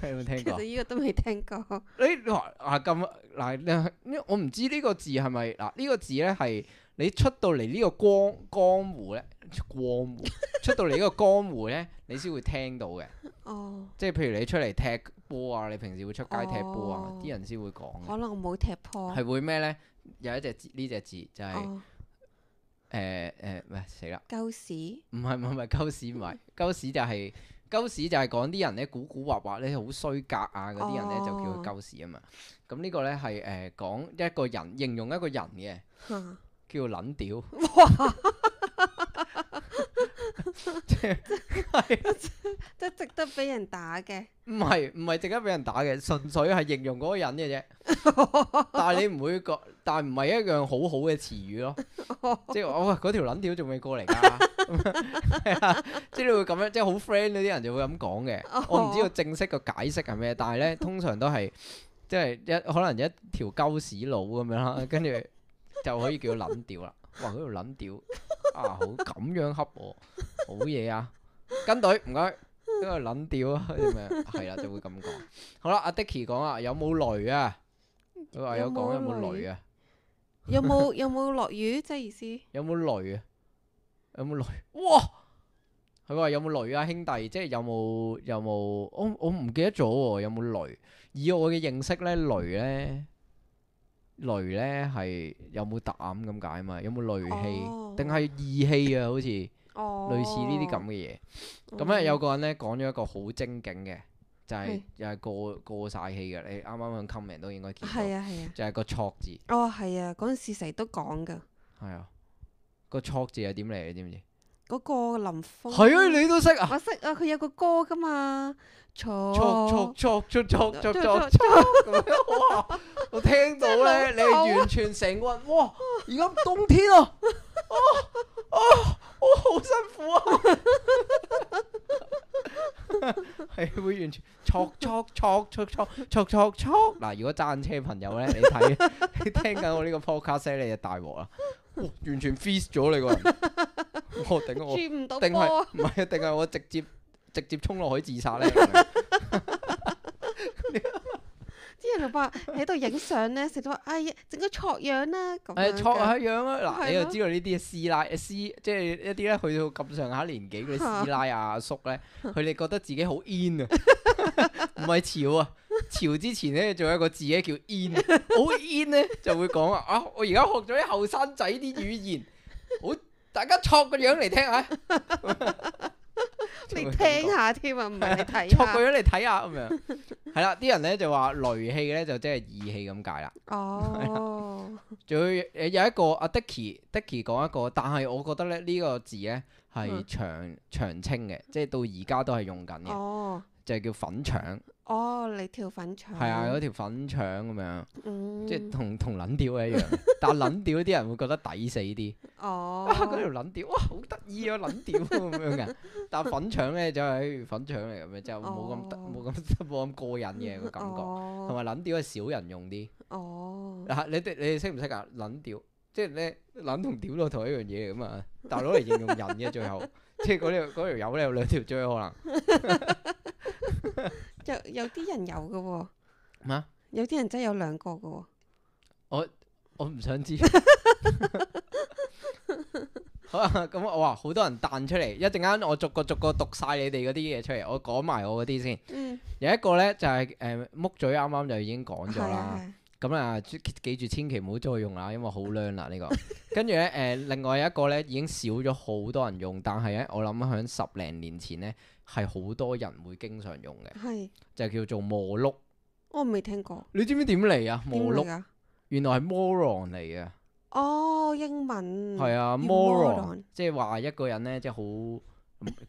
你有冇聽過？呢個都未聽過。你你話啊咁嗱，呢、啊啊啊啊、我唔知呢個字係咪嗱呢個字咧係。你出到嚟呢個江江湖咧，江湖出到嚟呢個江湖咧，你先會聽到嘅。哦，即係譬如你出嚟踢波啊，你平時會出街踢波啊，啲人先會講。可能我冇踢破。係會咩咧？有一隻字，呢隻字就係誒誒，唔係死啦！鳩屎，唔係唔係唔係鳩屎，唔係鳩屎就係鳩屎就係講啲人咧，古古惑惑，咧，好衰格啊！嗰啲人咧就叫佢鳩屎啊嘛。咁呢個咧係誒講一個人，形容一個人嘅。叫撚屌！哇，即係即係值得俾人打嘅。唔係唔係值得俾人打嘅，純粹係形容嗰個人嘅啫。 但係你唔會覺，但係唔係一樣好好嘅詞語咯。即係我話嗰條撚屌仲未過嚟㗎，即係 會咁樣，即係好 friend 嗰啲人就會咁講嘅。 我唔知道正式嘅解釋係咩，但係咧通常都係即係一可能一條鳩屎佬咁樣啦，跟住。就可以叫佢撚掉啦！哇，喺度撚掉啊，好咁樣恰我，好嘢啊！跟隊唔該，因為撚掉啊啲係啦，就會咁講。好啦，阿 Dicky 講講啊，有冇雷啊？佢話有講有冇雷，雷啊？有冇有冇落雨即係意思？有冇 雷啊？有冇雷？哇！佢話有冇雷啊，兄弟？即係有冇有冇？我我唔記得咗喎，有冇雷？以我嘅認識咧，雷咧。雷呢雷呢係有冇膽咁解嘛？有冇雷氣定係義氣啊？好似、oh. 類似呢啲咁嘅嘢。咁呢、oh.，有個人呢講咗一個好精警嘅，就係又係過過曬氣嘅。你啱啱咁 comment 都應該見到，係啊，係啊、就係個錯字。哦，係啊，嗰陣時成日都講噶。係啊，個錯字係點嚟嘅？知唔知？嗰個林峰係啊，你都識啊！我識啊，佢有個歌噶嘛，挫挫挫挫挫挫挫挫，咁樣，我聽到咧，你完全成個人，哇！而家冬天啊，啊，我好辛苦啊，係會完全挫挫挫挫挫挫挫挫。嗱，如果揸緊車朋友咧，你睇，你聽緊我呢個 podcast，你就大鑊啦！哦、完全 freeze 咗你個人，我頂、 哦、我，唔到，定係唔係啊？定係我直接直接衝落海自殺咧？啲人話喺度影相咧，成日話哎呀，整咗 chok 樣啦，咁，chok、哎、下樣咯、啊。嗱，你又知道呢啲師奶、師、啊，即係一啲咧去到咁上下年紀嘅師奶阿叔咧，佢哋覺得自己好 in 啊，唔係 潮啊。潮之前咧，仲有一個字咧叫 in，好、 oh, in 咧就會講啊！我而家學咗啲後生仔啲語言，好大家錯個樣嚟聽，聽, 聽下，你聽下添啊，唔係你睇錯個樣嚟睇下咁樣，係、啊、啦，啲、啊、人咧就話雷氣咧就即係義氣咁解啦。哦，仲、啊、有一個阿、啊、Dicky Dicky 講一個，但係我覺得咧呢、這個字咧係長、嗯、長青嘅，即係到而家都係用緊嘅，哦、就係叫粉腸。哦，oh, 你條粉腸？係啊，嗰條粉腸咁樣，即係同同撚屌一樣， 但係撚屌啲人會覺得抵死啲。哦、oh. 啊，嗰條撚屌，哇，好得意啊，撚屌咁樣嘅。 但係粉腸咧就係、是，粉腸嚟嘅，之就冇咁冇咁冇咁過癮嘅感覺，同埋撚屌係少人用啲。哦、oh，你哋你哋識唔識㗎？撚屌，即係咧撚同屌都同一樣嘢咁啊。但係攞嚟形容人嘅最後， 即係嗰條友咧有兩條嘴可能。 有有啲人有嘅喎、哦，咩？有啲人真係有兩個嘅喎、哦。我我唔想知。 好啊，咁我話好多人彈出嚟，一陣間我逐個逐個讀晒你哋嗰啲嘢出嚟，我講埋我嗰啲先。嗯。有一個咧就係誒木嘴，啱啱就已經講咗啦。咁啊，記住千祈唔好再用啦，因為好娘啦呢個。跟住咧，誒，另外一個咧已經少咗好多人用，但係咧，我諗喺十零年前咧。係好多人會經常用嘅，就叫做磨碌。我未聽過。你知唔知點嚟啊？磨碌，原來係 moron 嚟嘅。哦，英文。係啊，moron，即係話一個人咧，即係好，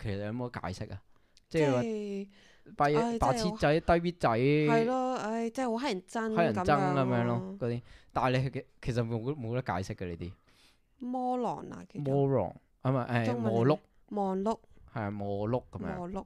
其實有冇解釋啊？即係白癡仔、低 B 仔。係咯，唉，即係好乞人憎乞人憎咁樣咯，嗰啲。但係你其實冇冇得解釋嘅呢啲。moron 啊，moron，係咪誒，磨碌。係冇碌咁樣，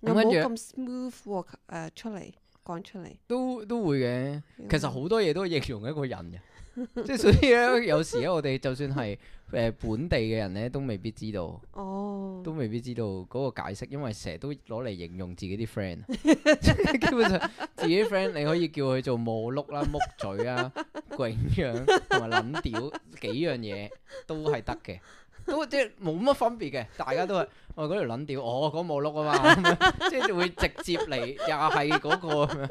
又冇咁 smooth 喎。誒，出嚟講出嚟都都會嘅。其實好多嘢都係形容一個人嘅，即係所以咧，有時咧，我哋就算係誒本地嘅人咧，都未必知道。哦，都未必知道嗰個解釋，因為成日都攞嚟形容自己啲 friend。基本上，自己 friend 你可以叫佢做冇碌啦、木嘴啊、鬼樣同埋撚屌，幾樣嘢都係得嘅。都即係冇乜分別嘅，大家都係我嗰條撚屌，我講冇碌啊嘛， 即係會直接嚟又係嗰、嗰個咁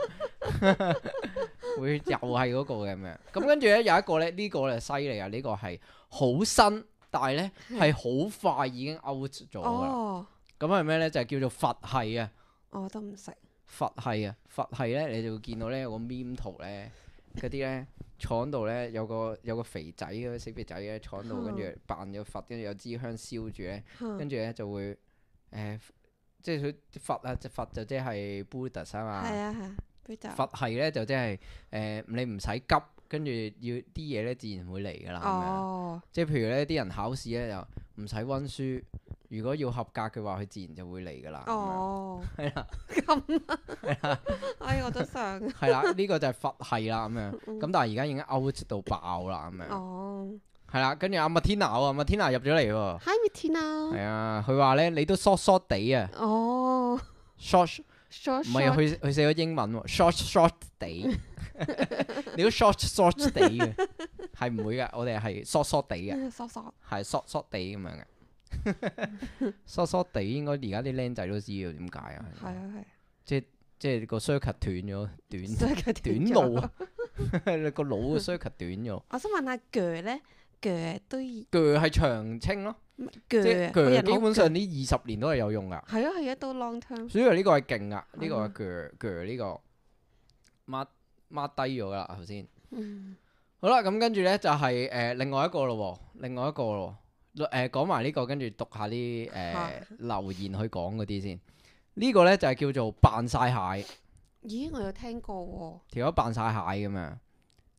樣， 會又係嗰個嘅咁樣。咁跟住咧有一個咧呢、呢個咧犀利啊，呢、呢個係好新，但係咧係好快已經 out 咗啦。咁係咩咧？就係、叫做佛系啊！我都唔識佛系啊！佛系咧，你就會見到咧個 Meme 圖咧嗰啲咧。 廠度呢，有個有個肥仔嗰死肥仔咧，廠度、嗯、跟住扮咗佛，跟住有支香燒住呢。嗯、跟住呢，就會即係佢佛啊，即佛，佛就即係 Buddha 啊嘛。吧佛係呢，就即係、呃、你唔使急，跟住要啲嘢呢，自然會嚟㗎啦。即係譬如呢啲人考試呢，就唔使溫書。如果要合格嘅話，佢自然就會嚟噶啦。哦，係啦，咁係啦，哎，我都想。係啦，呢個就係佛系啦咁樣。咁但係而家已經 out 到爆啦咁、oh. 樣。哦，係啦，跟住阿 Matina 啊，Matina 入咗嚟喎。Hi，Matina。係啊，佢話咧：你都 short short 地啊。哦、oh.。short short 唔係佢佢寫咗英文喎，short short 地。你都 short short 地嘅，係唔會嘅。我哋係 short short 地嘅。short short 係 short short 地咁樣嘅。疏疏地，應該而家啲僆仔都知嘅，點解啊？係啊係，即係即係個 circuit 斷咗，短短路， 個腦嘅 circuit 短咗。 我想問下鋸咧，鋸都鋸係長青咯，鋸鞭基本上呢二十年都係有用噶。係啊係啊，都 long term。所以呢個係勁啊，呢 個鋸鋸呢個 mark mark 低咗啦，頭先。嗯、好啦，咁、嗯、跟住咧就係、是、誒另外一個咯，另外一個咯。誒，講埋呢個，跟住讀下啲誒、呃啊、留言去講嗰啲先。呢、這個呢就係叫做扮晒蟹。咦，我有聽過喎、哦。條友「扮晒蟹」咁樣，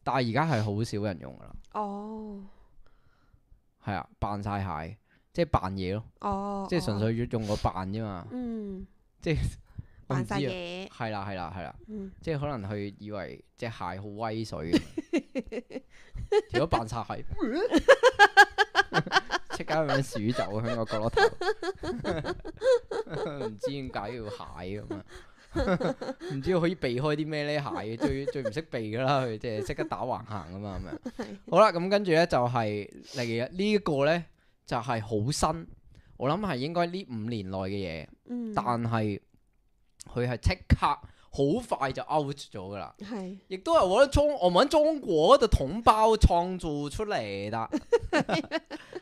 但係而家係好少人用噶啦。哦。係啊，「扮晒蟹」，即係扮嘢咯。哦。即係純粹要用個扮啫嘛。嗯。即係扮晒曬嘢。 係、嗯、啦，係啦，係啦。即係可能佢以為隻蟹好威水嘅。條友「扮晒蟹」。 即刻咁樣鼠走喺個角落頭，唔 知點解要蟹咁啊？唔 知道可以避開啲咩咧？蟹最最唔識避㗎啦，佢即係識得打橫行啊嘛，係咪？ 好啦，咁跟住咧就係、是、嚟，這個、呢一個咧就係、是、好新，我諗係應該呢五年內嘅嘢，嗯、但係佢係即刻。好快就 out 咗噶啦，亦都係我覺得中我唔中國嗰度同胞創造出嚟啦，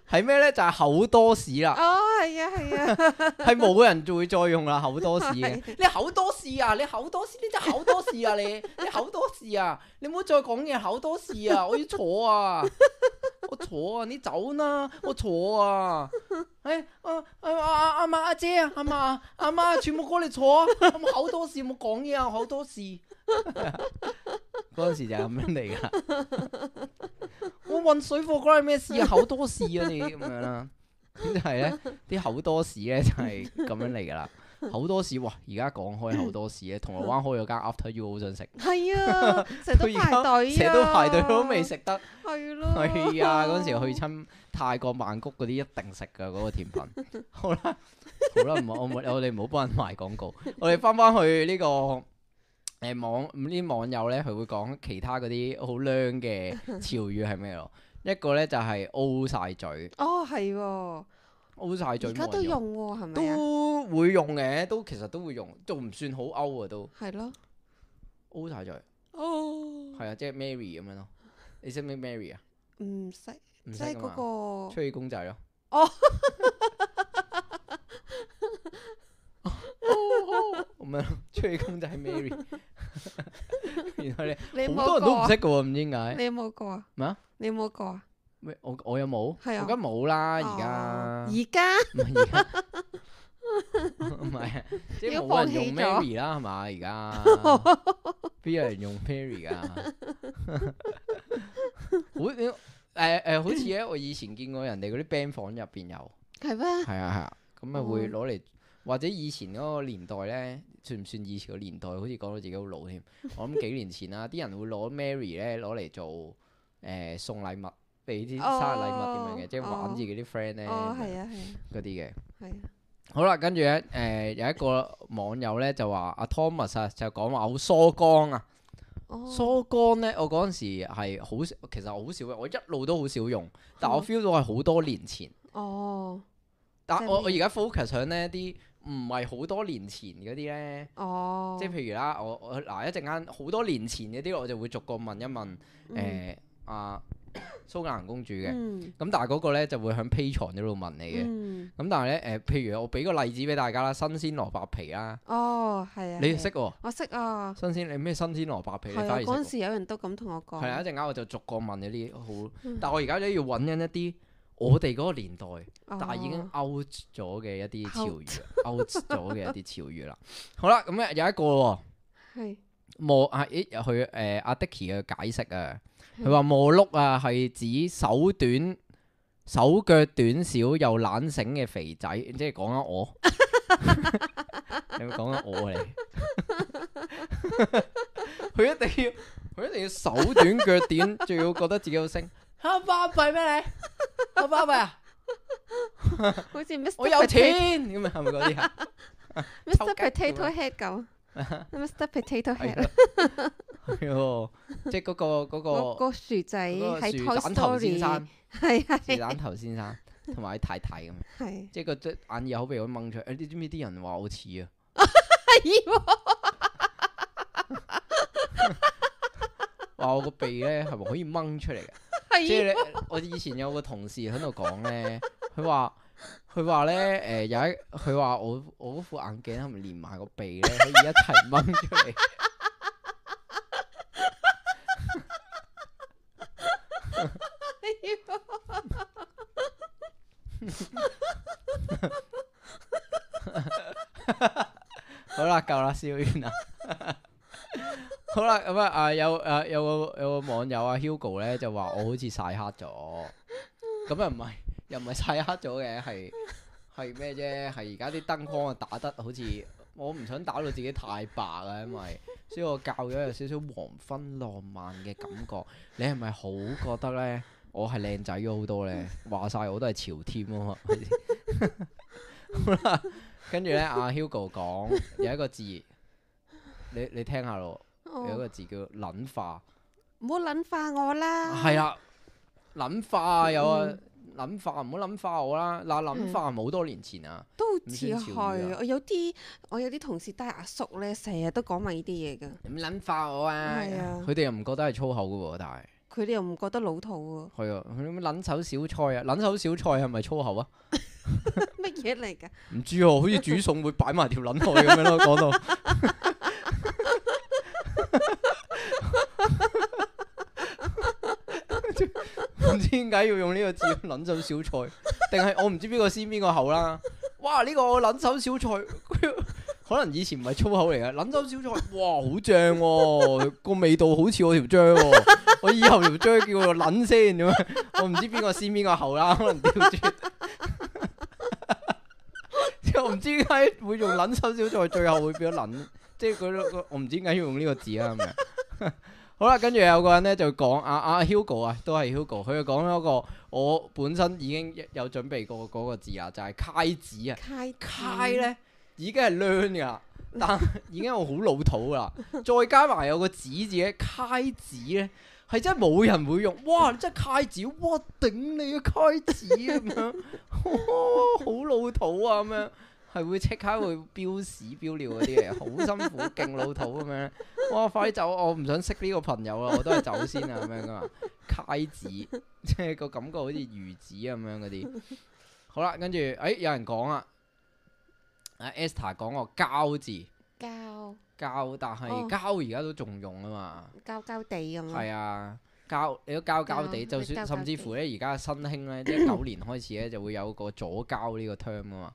係咩咧？就係、是、好多事啦。啊，係啊係啊，係冇人會再用啦。好多事 你好多事啊！你好多事，你真係好多事啊！你你好多事啊！你唔好再講嘢，好多事啊！我要坐啊， 我坐啊，你走啦，我坐啊。誒、哎，阿阿阿阿媽阿姐啊，阿媽阿媽全部過嚟坐，我好多事冇講嘢。好很多事， 嗰時就係咁樣嚟噶。 我運水貨關係咩事啊？好 多事啊，你啊，你、就、咁、是、樣啦。咁就係咧，啲好多事咧就係咁樣嚟噶啦。好多事，哇！而家講開好多事咧，銅鑼灣開咗間 After You 好想食，係啊，成日 在排隊、啊，成日都排隊都未食得，係咯，係啊。嗰、 啊、 時去親泰國曼谷嗰啲一定食噶嗰個甜品。好啦，好啦，唔好 我我哋唔好幫人賣廣告，我哋翻翻去呢、這個。誒網咁啲網友咧，佢會講其他嗰啲好娘嘅潮語係咩咯？一個咧就係 O 曬嘴。哦，係喎，O 曬嘴。而家都用喎，係咪啊？都會用嘅，都其實都會用，仲唔算好 O 啊都。係咯，O 曬嘴。哦，係啊，即係 Mary 咁樣咯。你識唔識 Mary 啊？唔識，即係嗰個吹公仔咯。哦，唔係吹公仔 Mary。然後你好多人都唔識噶喎，唔知點解。你有冇過啊？咩啊？你有冇過啊？咩？我我有冇？係啊，我而家冇啦，而家而家唔係，即係冇人用 Mary 啦，係嘛？而家邊有人用 Mary 噶？好誒誒，好似咧，我以前見過人哋嗰啲 band 房入邊有，係咩？係啊係啊，咁咪會攞嚟。或者以前嗰個年代咧，算唔算以前個年代？好似講到自己好老添。 我諗幾年前啊，啲人會攞 Mary 咧攞嚟做誒、呃、送禮物，俾啲生日禮物點、哦、樣嘅，哦、即係玩住嗰啲 friend 咧，嗰啲嘅。好啦，跟住咧誒有一個網友咧就話阿、啊、Thomas 啊，就講話好疏肝啊。疏肝咧，我嗰陣時係好其實好少用，我一路都好少用，但我 feel 到係好多年前。哦，哦但我但我而家 focus 喺呢啲。唔係好多年前嗰啲咧，哦、即係譬如啦，我我嗱一陣間好多年前嗰啲，我就會逐個問一問誒、嗯呃、啊蘇格蘭公主嘅，咁、嗯、但係嗰個咧就會喺被牀嗰度問你嘅，咁、嗯、但係咧誒，譬如我俾個例子俾大家啦，新鮮蘿蔔皮啦，哦係啊，你識喎，我識啊。新鮮你咩新鮮蘿蔔皮，反而嗰陣時有人都咁同我講，係啊，一陣間我就逐個問嗰啲好， 但係我而家都要揾緊一啲。我哋嗰個年代，但係已經 out 咗嘅一啲潮語 ，out 咗嘅一啲潮語啦。好啦，咁、嗯、咧有一個、哦，莫是啊，咦、欸？佢誒阿 Dickie 嘅解釋啊，佢話莫碌啊係指手短、手腳短小又懶醒嘅肥仔，即係講緊我。 你講緊我嚟、啊，佢 一定要，佢一定要手短腳短，仲要覺得自己好升。好巴閉咩你？好巴閉啊！好似 m 我有錢咁啊，係咪嗰啲啊 Mr Potato Head 咁 Mr Potato Head 係即係嗰個嗰個個薯仔喺蛋頭先生，係係蛋頭先生同埋啲太太咁，係即係個眼耳口鼻可以掹出嚟，你知唔知啲人話我似啊？係，話我個鼻咧係咪可以掹出嚟嘅？即係我以前有個同事喺度講咧，佢話佢話咧，誒，有一佢話我我副眼鏡係咪連埋個鼻咧，可以一齊掹出嚟。好啦，夠啦，笑完啦。 好啦，咁啊，有啊有啊有個有個網友啊 Hugo 咧就話我好似曬黑咗，咁啊唔係又唔係曬黑咗嘅，係係咩啫？係而家啲燈光啊打得好似我唔想打到自己太白啊，因為所以我教咗有少少黃昏浪漫嘅感覺。你係咪好覺得咧？我係靚仔咗好多咧？話晒我都係朝天啊嘛。好啦，跟住咧阿 Hugo 講有一個字，你你聽下咯。有一個字叫撚化，唔好撚化我啦。係啊，撚化啊，有啊，撚化，唔好撚化我啦。嗱，撚化係好多年前啊，都好刺害。我有啲我有啲同事帶阿叔咧，成日都講埋呢啲嘢噶。撚化我啊，佢哋又唔覺得係粗口噶喎，但係佢哋又唔覺得老土啊。係啊，撚手小菜啊，撚手小菜係咪粗口啊？乜嘢嚟噶？唔知哦，好似煮餸會擺埋條撚菜咁樣咯，講到。唔知點解要用呢個字，捻手小菜，定係我唔知邊個先邊個後啦？哇，呢、這個捻手小菜，可能以前唔係粗口嚟嘅，捻手小菜，哇，好正喎、哦，個味道好似我條漿、哦，我以後條漿叫捻先咁樣，我唔知邊個先邊個後啦，可能點 知。我唔知點解會用捻手小菜，最後會變咗捻，即係佢，我唔知點解要用呢個字啊？係咪？好啦，跟住有個人咧就講啊啊 Hugo 啊，都係 Hugo，佢就講咗、嗰個我本身已經有準備過嗰個字啊，就係揩字啊，揩咧已經係 learn 㗎但已經好老土啦，再加埋有個子字，揩字咧係真係冇人會用，哇！真係揩字，我頂你個揩字咁樣，好老土啊咁樣。係會即刻會飆屎飆尿嗰啲嚟，好辛苦，勁老土咁樣。哇！快走，我唔想識呢個朋友啦，我都係走先啊咁樣噶嘛。揩字，即係個感覺好似魚子咁樣嗰啲。好啦，跟住誒，有人講膠啊，阿 Esther 講個膠字，膠膠，但係膠而家都仲用啊嘛。膠膠地咁。係啊，膠你都膠膠地，膠就算膠膠甚至乎咧，而家新興咧，即係九年開始咧，就會有個左膠呢個 term 啊嘛。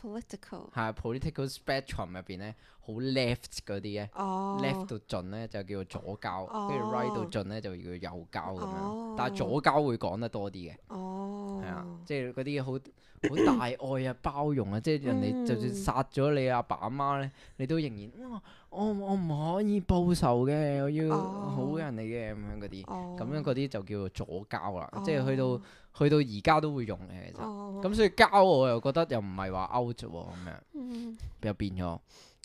係啊 Political，political spectrum 入邊咧，好 left 嗰啲嘅，left 到盡咧就叫做左交，跟住、oh. right 到盡咧就叫做右交咁樣。Oh. 但係左交會講得多啲嘅，係啊、oh.，即係嗰啲好好大愛啊、 包容啊，即係人哋就算殺咗你阿爸阿媽咧，mm. 你都仍然。哦哦、我我唔可以報仇嘅，我要好人嚟嘅咁樣嗰啲，咁、哦、樣嗰啲就叫做左膠啦，哦、即係去到去到而家都會用嘅其實。咁、哦、所以膠我又覺得又唔係話 out 咗咁樣，嗯、又變咗。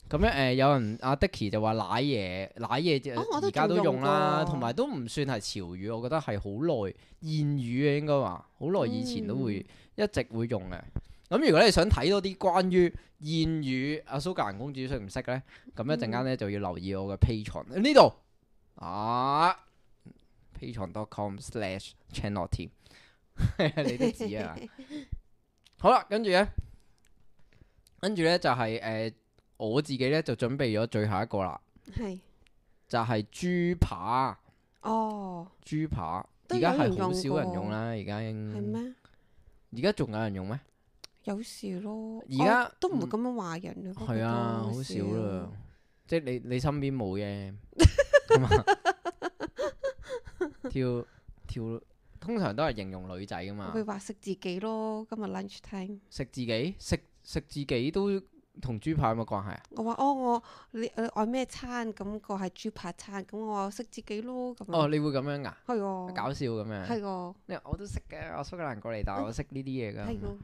咁樣誒、呃，有人阿、啊、Dicky 就話舐嘢舐嘢而家都用啦，同埋、哦、都唔算係潮語，我覺得係好耐言語啊，應該話好耐以前都會、嗯、一直會用嘅。咁如果你想睇多啲關於言語，阿蘇格蘭公主識唔識咧？咁一陣間咧就要留意我嘅 Patreon 呢度啊 patreon.com slash chanloktim 你都知啊。好啦，跟住咧，跟住咧就係誒我自己咧就準備咗最後一個啦，係就係豬扒哦，豬扒而家係好少人用啦，而家應係咩？而家仲有人用咩？有時咯，而家都唔會咁樣話人咯。係啊，好少啦，即係你你身邊冇嘅。跳跳通常都係形容女仔噶嘛。會話食自己咯，今日 lunch time。食自己？食食自己都同豬扒有乜關係啊？我話哦，我你愛咩餐？咁個係豬扒餐，咁我話食自己咯。哦，你會咁樣噶？係啊，搞笑咁樣。係你我都識嘅，我蘇格蘭過嚟，但我識呢啲嘢㗎。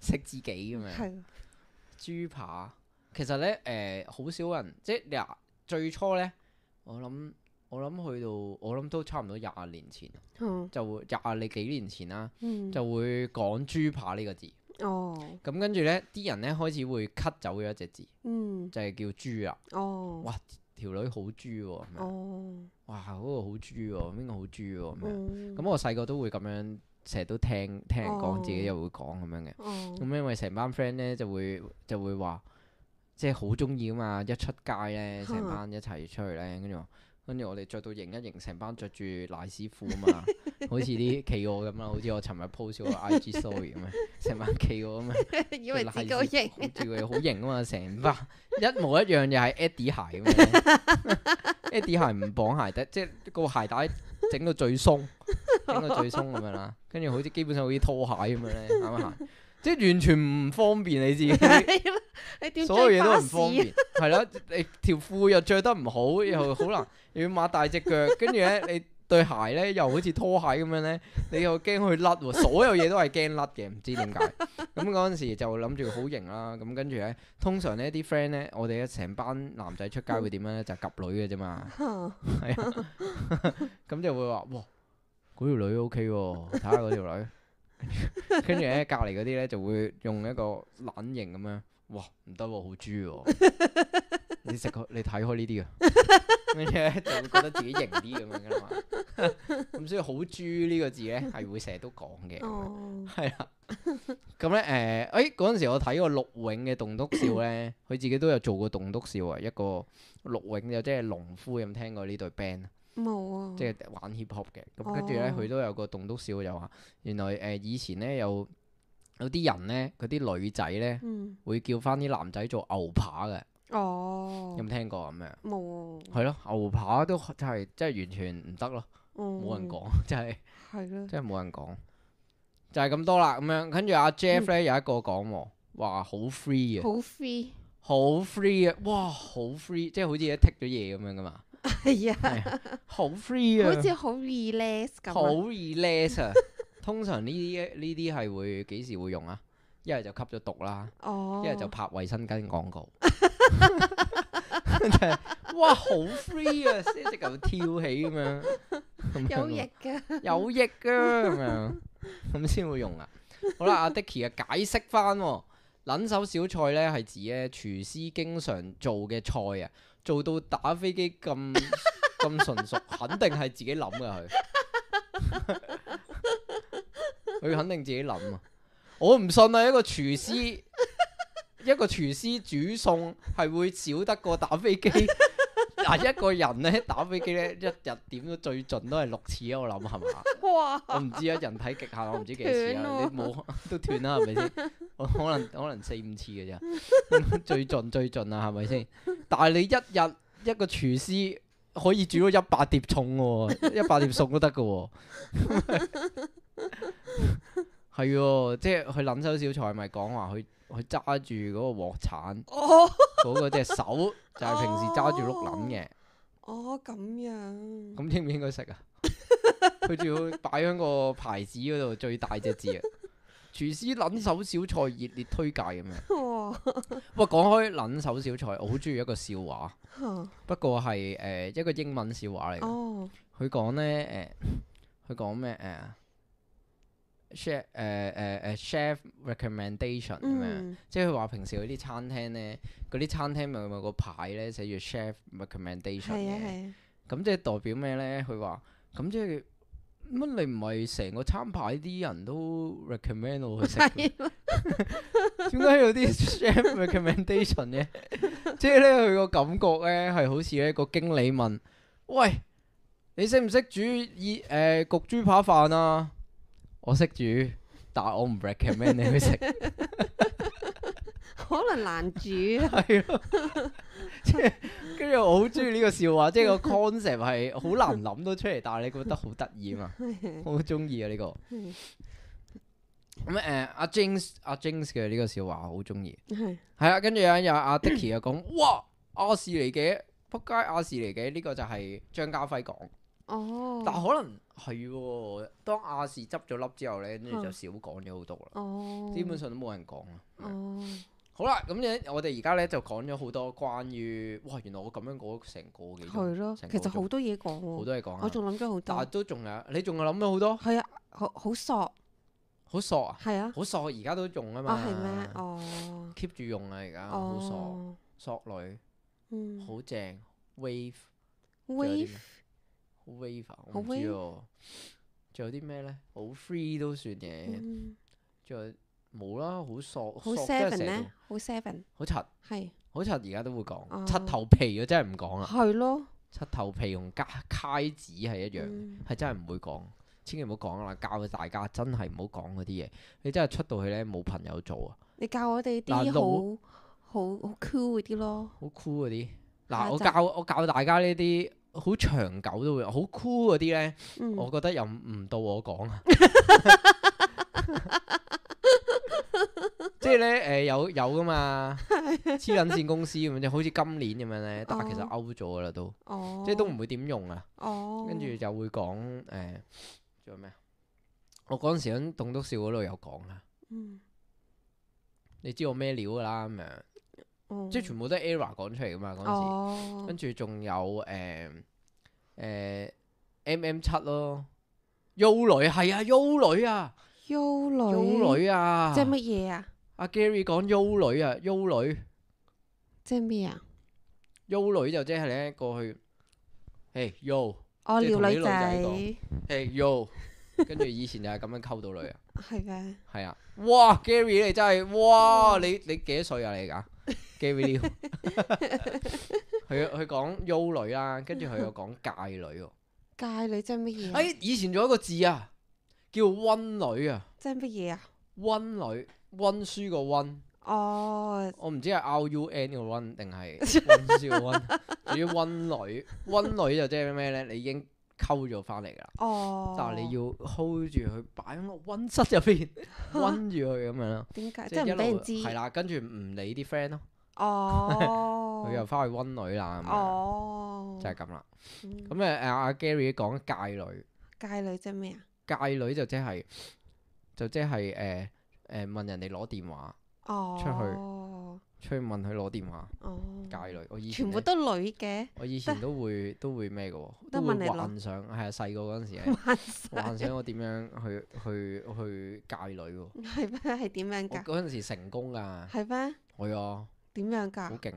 食 自己咁樣，豬是的 扒其實呢，誒、呃，好少人即係最初呢，我諗我諗去到我諗都差唔多廿年前，嗯、就會廿你幾年前啦，嗯、就會講豬扒呢個字，咁跟住呢啲人呢，人開始會 cut 走咗一隻字，嗯、就係叫豬啦，哇、哦，條女好豬，是是哦，哇、那個，嗰個好豬，邊個好豬，咁、嗯嗯、我細個都會咁樣。成日都聽聽人講，自己又會講咁樣嘅。咁、哦、因為成班 friend 咧就會就會話，即係好中意啊嘛！一出街咧，成班一齊出去咧，跟住話，跟住我哋着到型一型，成班着住奶師褲啊嘛， 好似啲企鵝咁啦，好似我尋日 post 我 IG story 咁啊，成班企鵝啊嘛，以為幾型、啊好個，好型啊嘛，成班一模一樣又係 Adi e、DI、鞋咁。 一啲鞋唔綁鞋底，即係個鞋帶整到最鬆，整到最鬆咁樣啦，跟住好似基本上好似拖鞋咁樣咧，啱行，即係完全唔方便你自己。 麼所有嘢都唔方便，係啦， 你條褲又着得唔好，又好難，又要擘大隻腳，跟住咧你。對鞋咧，又好似拖鞋咁樣咧，你又驚佢甩喎，所有嘢都係驚甩嘅，唔知點解。咁嗰陣時就諗住好型啦，咁跟住咧，通常呢啲 friend 咧，我哋咧成班男仔出街會點樣咧，就夾女嘅啫嘛，係啊，咁就會話哇，嗰條女 O K 喎，睇下嗰條女，跟住咧隔離嗰啲咧就會用一個懶型咁樣，哇，唔得喎，好豬喎。你食佢，你睇開呢啲㗎，咩咧 就會覺得自己型啲咁樣㗎嘛。咁所以好豬呢個字咧，係會成日都講嘅，係啦、oh. 是的。咁咧誒，誒嗰陣時我睇過陸永嘅棟篤笑咧，佢自己都有做過棟篤笑啊。一個陸永又即係農夫，有冇聽過呢對 band 啊？冇啊、oh.，即係玩 hip hop 嘅咁，跟住咧佢都有個棟篤笑，就話原來誒、呃、以前咧有有啲人咧，佢啲女仔咧、mm. 會叫翻啲男仔做牛扒嘅。哦，有冇聽過啊？咩冇？係咯有，牛扒都就係，即係完全唔得咯，冇、嗯、人講，即係係咯，即係冇人講，就係、是、咁多啦。咁樣跟住阿 Jeff 咧、嗯、有一個講，話好 free 啊，好 free，, free 好 free 啊，哇，好 free，即係好似一 take 咗嘢咁樣噶嘛，係啊， 好 free 啊， 好似的好 relax 咁，好 relax 啊。 通常呢啲呢啲係會幾時會用啊？一係就吸咗毒啦，一係就拍衞生巾廣告，就 哇，好 free 啊，成日咁跳起咁樣 益的，有翼嘅，有翼嘅咁樣，咁先會用啊。好啦，阿 Dickie 啊，解釋翻、哦，撚手小菜咧係指咧廚師經常做嘅菜啊，做到打飛機咁咁 純熟，肯定係自己諗嘅佢，佢 肯定自己諗啊。我唔信啊！一個廚師， 一個廚師煮餸係會少得過打飛機。嗱， 一個人咧打飛機咧，一日點都最盡都係六次啊！我諗係嘛？我唔知啊，人體極限我唔知幾多次啊！你冇都斷啦，係咪先？我 可能可能四五次嘅啫， 最盡最盡啊，係咪先？但係你一日一個廚師可以煮到一百碟餸喎，一百碟餸都得㗎喎。 係、哦，即係佢撚手小菜，咪講話佢佢揸住嗰個鑊鏟，嗰、哦、個隻手就係平時揸住碌撚嘅。哦，咁樣。咁應唔應該食啊？佢仲 要擺喺個牌子嗰度最大隻字啊！ 廚師撚手小菜熱烈推介咁樣。不喂、哦，講開撚手小菜，我好中意一個笑話，不過係誒、呃、一個英文笑話嚟。哦。佢講呢，誒、呃，佢講咩誒？呃 chef 誒誒誒 chef recommendation 咁樣，即係佢話平時嗰啲餐廳咧，嗰啲餐廳咪有個牌咧寫住 chef recommendation 嘅，咁即係代表咩咧？佢話咁即係乜？你唔係成個餐牌啲人都 recommend 去食？點解、啊、 有啲 chef recommendation 嘅？ 即係咧，佢個感覺咧係好似一個經理問：喂，你識唔識煮意誒焗豬扒飯啊？我識煮，但係我唔 recommend 你去食。可能難煮。係啊！即係跟住我好中意呢個笑話， 即係個 concept 係好難諗到出嚟，但係你覺得好得意嘛？好中意啊呢、這個。咁 誒、嗯，阿 James 阿 James 嘅呢個笑話我好中意。係 啊，跟住有阿、啊、阿 Dicky 又講，哇，亞視嚟嘅扑街，亞視嚟嘅呢個就係張家輝講。哦，oh. 但係可能。係，當亞視執咗笠之後咧，跟住就少講咗好多啦，基本上都冇人講啦。哦，好啦，咁咧，我哋而家咧就講咗好多關於，哇，原來我咁樣講成個幾，係咯，其實好多嘢講好多嘢講，我仲諗咗好多，但係都仲有，你仲有諗咗好多，係啊，好好索，好索啊，係啊，好索，而家都用啊嘛，係咩？哦，keep 住用啊，而家好索，索女。好正，wave，wave。好 wave，我唔知哦。仲有啲咩呢？好 free 都算嘅。仲有冇啦？好索好 seven 條好 seven。好柒，係，好柒。而家都會講七頭皮，我真係唔講啊。係咯，七頭皮同揩揩紙係一樣，係真係唔會講。千祈唔好講啦，教大家真係唔好講嗰啲嘢。你真係出到去呢，冇朋友做啊。你教我哋啲好好好 cool 嗰啲咯，好 cool 嗰啲。嗱，我教我教大家呢啲。好長久都會，好 cool 嗰啲呢，嗯、我覺得又唔到我講啊，即係呢，呃、有有噶嘛，黐捻線公司咁樣，好似今年咁樣呢，但係其實 out 咗啦都，即係、哦、都唔會點用啊，跟住就會講誒，仲、呃、有咩啊？我嗰陣時喺棟篤笑嗰度有講啊，嗯、你知道我咩料噶啦咁樣。嗯嗯、即係全部都係 era 講出嚟噶嘛，嗰陣時，哦、跟住仲有誒誒、呃呃、M M 七咯。Yo 女係啊，Yo 女啊，Yo 女 Yo 女啊，即係乜嘢啊？阿 Gary 講 Yo 女啊，Yo 女即係咩啊？Yo 女就即係咧過去誒，you 即係同啲女仔講誒跟住， 以前就係咁樣溝到女啊，係嘅係啊。哇，Gary 你真係哇，你你幾多歲啊？你而家？Gary Lee，佢佢講優女啦，跟住佢又講界女，界 女即係乜嘢？誒、欸，以前仲有一個字啊，叫温女啊，即係乜嘢啊？温女，温書個温。哦。我唔知係 o U t You N 個温定係温書個温。叫温 女，温女就即係咩咧？你已經溝咗翻嚟㗎啦。哦。但係你要 hold 住佢，擺喺個温室入邊，温住佢咁樣咯。點解、啊？一即係唔知。係啦，啦跟住唔理啲 friend 咯。哦，佢又翻去溫女啦，咁就係咁啦。咁誒阿 Gary 講界女，界女即係咩啊？界女就即係就即係誒誒，問人哋攞電話，出去出去問佢攞電話哦。界女我以前全部都女嘅，我以前都會都會咩嘅，都會幻想係啊。細個嗰陣時幻想幻想我點樣去去去界女㗎？係咩？係點樣噶？嗰陣時成功噶係咩？係啊。點樣噶？好勁，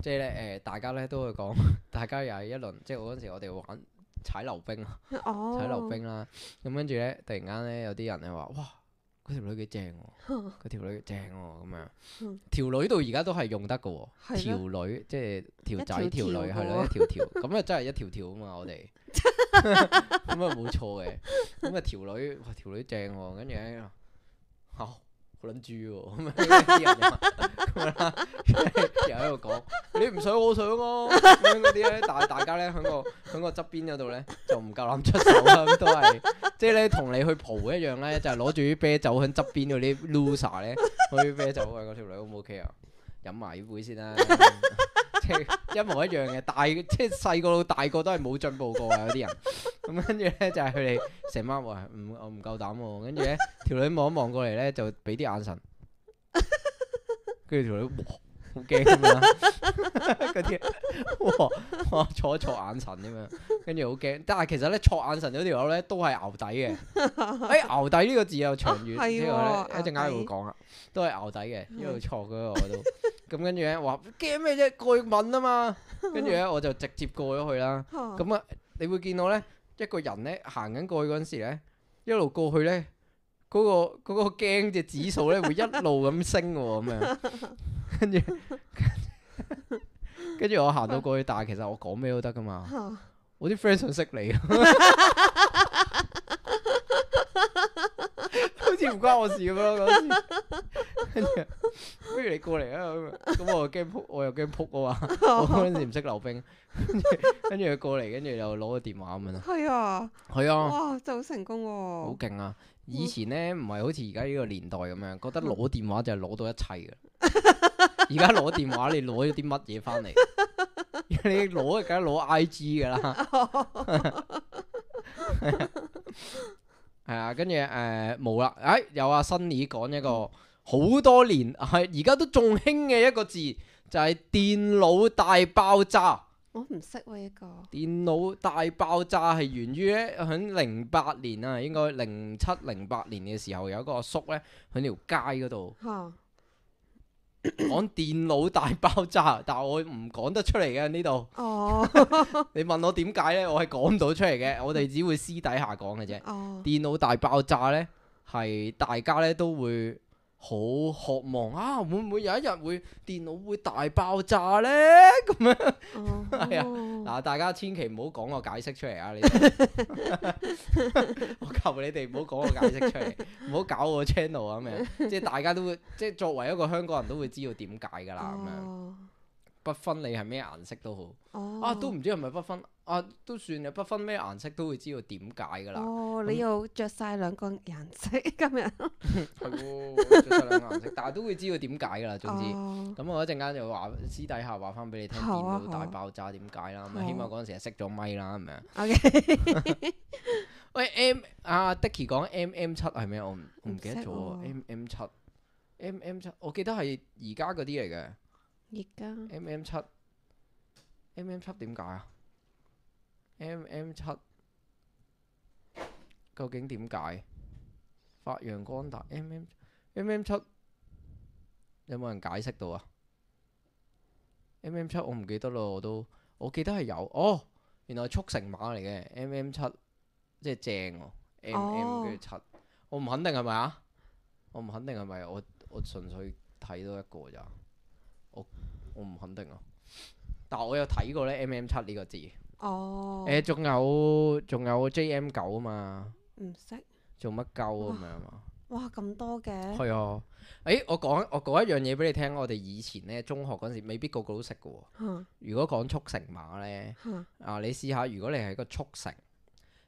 即係咧誒，大家咧都會講，大家又係一輪，即係我嗰陣時我哋玩踩溜冰啊，oh. 踩溜冰啦，咁跟住咧突然間咧有啲人咧話，哇，嗰條女幾正喎，嗰條女正喎，咁樣條女到而家都係用得噶喎，條 女即係條仔條 女係咯， 一條條咁啊真係一條條啊嘛，我哋咁啊冇錯嘅，咁啊條女哇條女正喎，跟住咧好。好撚豬喎！咁樣啲人一，咁樣啦，又喺度講你唔想我想哦咁樣嗰啲咧，但係大家咧喺個喺個側邊嗰度咧就唔夠膽出手啦，都係即係咧同你去蒲一樣咧，就係攞住啲啤酒喺側邊嗰啲 loser 咧，嗰啲啤酒喂，嗰、那、條、個、女 O 唔 O K 啊？飲埋呢杯先啦、啊，即係 一模一樣嘅，大即係細個到大個都係冇進步過啊！有啲人。咁 跟住咧就係佢哋成晚話唔我唔夠膽喎，跟住咧條女望一望過嚟咧就俾啲眼神，跟住條女嘩哇好驚咁樣，嗰啲哇哇錯一錯眼神咁樣，跟住好驚。但係其實咧錯眼神嗰條友咧都係牛底嘅，哎牛底呢個字又長遠，啊哦、之後咧一陣間會講啊，都係牛底嘅，因為錯嗰個都咁跟住咧話驚咩啫？過敏啊嘛，跟住咧我就直接過咗去啦。咁啊、嗯 嗯，你會見到咧？一個人咧行緊過去嗰陣時咧，一路過去咧，嗰個嗰個驚嘅指數咧會一路咁升喎，咁樣 跟住跟住我行到過去，但係其實我講咩都得噶嘛，我啲 friend 想識你，好似唔關我事咁樣。 跟住，不如 你過嚟啊！咁我又驚扑，我又驚扑啊！嘛。 我嗰陣時唔識溜冰，跟住佢過嚟，跟住又攞個電話咁樣咯。係啊，係啊，哇，就成功喎！好勁啊！以前咧唔係好似而家呢個年代咁樣，覺得攞電話就係攞到一切嘅。而家攞電話，你攞咗啲乜嘢翻嚟？你攞梗係攞 I G 噶啦。係啊， 跟住誒冇啦，誒、呃、有阿新耳講一個。好多年係而家都仲興嘅一個字就係、是、電腦大爆炸。我唔識喎，呢個電腦大爆炸係源於咧喺零八年啊，應該零七零八年嘅時候，有一個阿叔咧喺條街嗰度講電腦大爆炸，但係我唔講得出嚟嘅呢度。哦、 你問我點解呢？我係講唔到出嚟嘅，我哋只會私底下講嘅啫。哦，電腦大爆炸呢，係大家呢都會。好渴望啊！會唔會有一日會電腦會大爆炸呢？咁樣係啊！嗱，大家千祈唔好講個解釋出嚟啊！你 求你哋唔好講個解釋出嚟，唔好 搞我 channel 啊！咩？即係大家都會，即係作為一個香港人都會知道點解㗎啦咁樣。不分你係咩顏色都好，啊都唔知係咪不分，啊都算啦，不分咩顏色都會知道點解噶啦。哦，你要着晒兩個顏色今日，係喎，着晒兩個顏色，但係都會知道點解噶啦，總之。咁我一陣間就話私底下話翻俾你聽電腦大爆炸點解啦，起碼嗰陣時係熄咗咪啦，係咪啊？O K。喂 M，阿 Dicky 講 M M 七係咩？我唔唔記得咗啊。M M 七，M M 七，我記得係而家嗰啲嚟嘅。而家 M M 七，M M 七點解啊？M M 七，究竟點解發揚光大？M、MM、M M M 七有冇人解釋到啊？M M 七我唔記得咯，我都我記得係有哦，原來速成碼嚟嘅 M M 七，MM、七,即係正、啊、哦。M M 跟七，我唔肯定係咪啊？我唔肯定係咪？我我純粹睇到一個咋。我唔肯定啊，但我有睇過咧 M M 七呢、MM、個字。哦、oh. 欸。誒，仲有仲有 J M 九啊嘛。唔識懂。做乜鳩咁樣啊哇？哇，咁多嘅。係啊。誒、欸，我講我講一樣嘢俾你聽，我哋以前咧中學嗰陣時，未必個個都識嘅。吓。Huh? 如果講速成碼咧，Huh? 啊，你試下，如果你係個速成，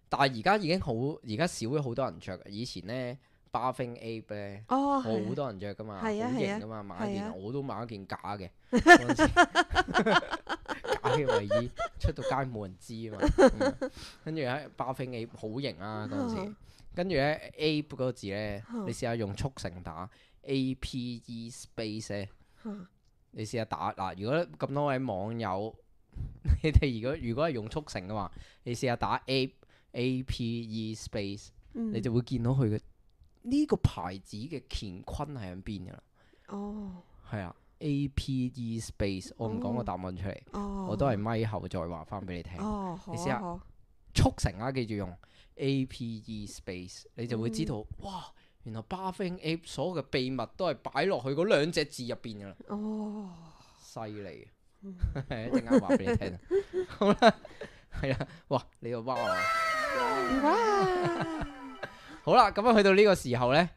但係而家已經好，而家少咗好多人着。以前咧。Bathing ape 咧，好多人着噶嘛，好型噶嘛，買件我都買咗件假嘅，假嘅衛衣出到街冇人知啊嘛。跟住咧，Bathing ape 好型啊，嗰陣時。跟住咧 ape 嗰個字咧，你試下用速成打 ape space，你試下打嗱。如果咁多位網友，你哋如果如果係用速成嘅話，你試下打 a ape space，你就會見到佢嘅。呢個牌子嘅乾坤係喺邊噶啦？哦、oh.，係啊，A P E Space，我唔講個答案出嚟，oh. 我都係咪後再話翻俾你聽。哦、oh.，你試下速成啦、啊，記住用 A P E Space，你就會知道、oh. 哇，原來 Buffing App 所有嘅秘密都係擺落去嗰兩隻字入邊噶啦。哦、oh. 害，犀 利，一陣間話俾你聽。好啦，係啊，哇，你要包我啊！Oh. 好啦，咁啊，去到呢個時候呢，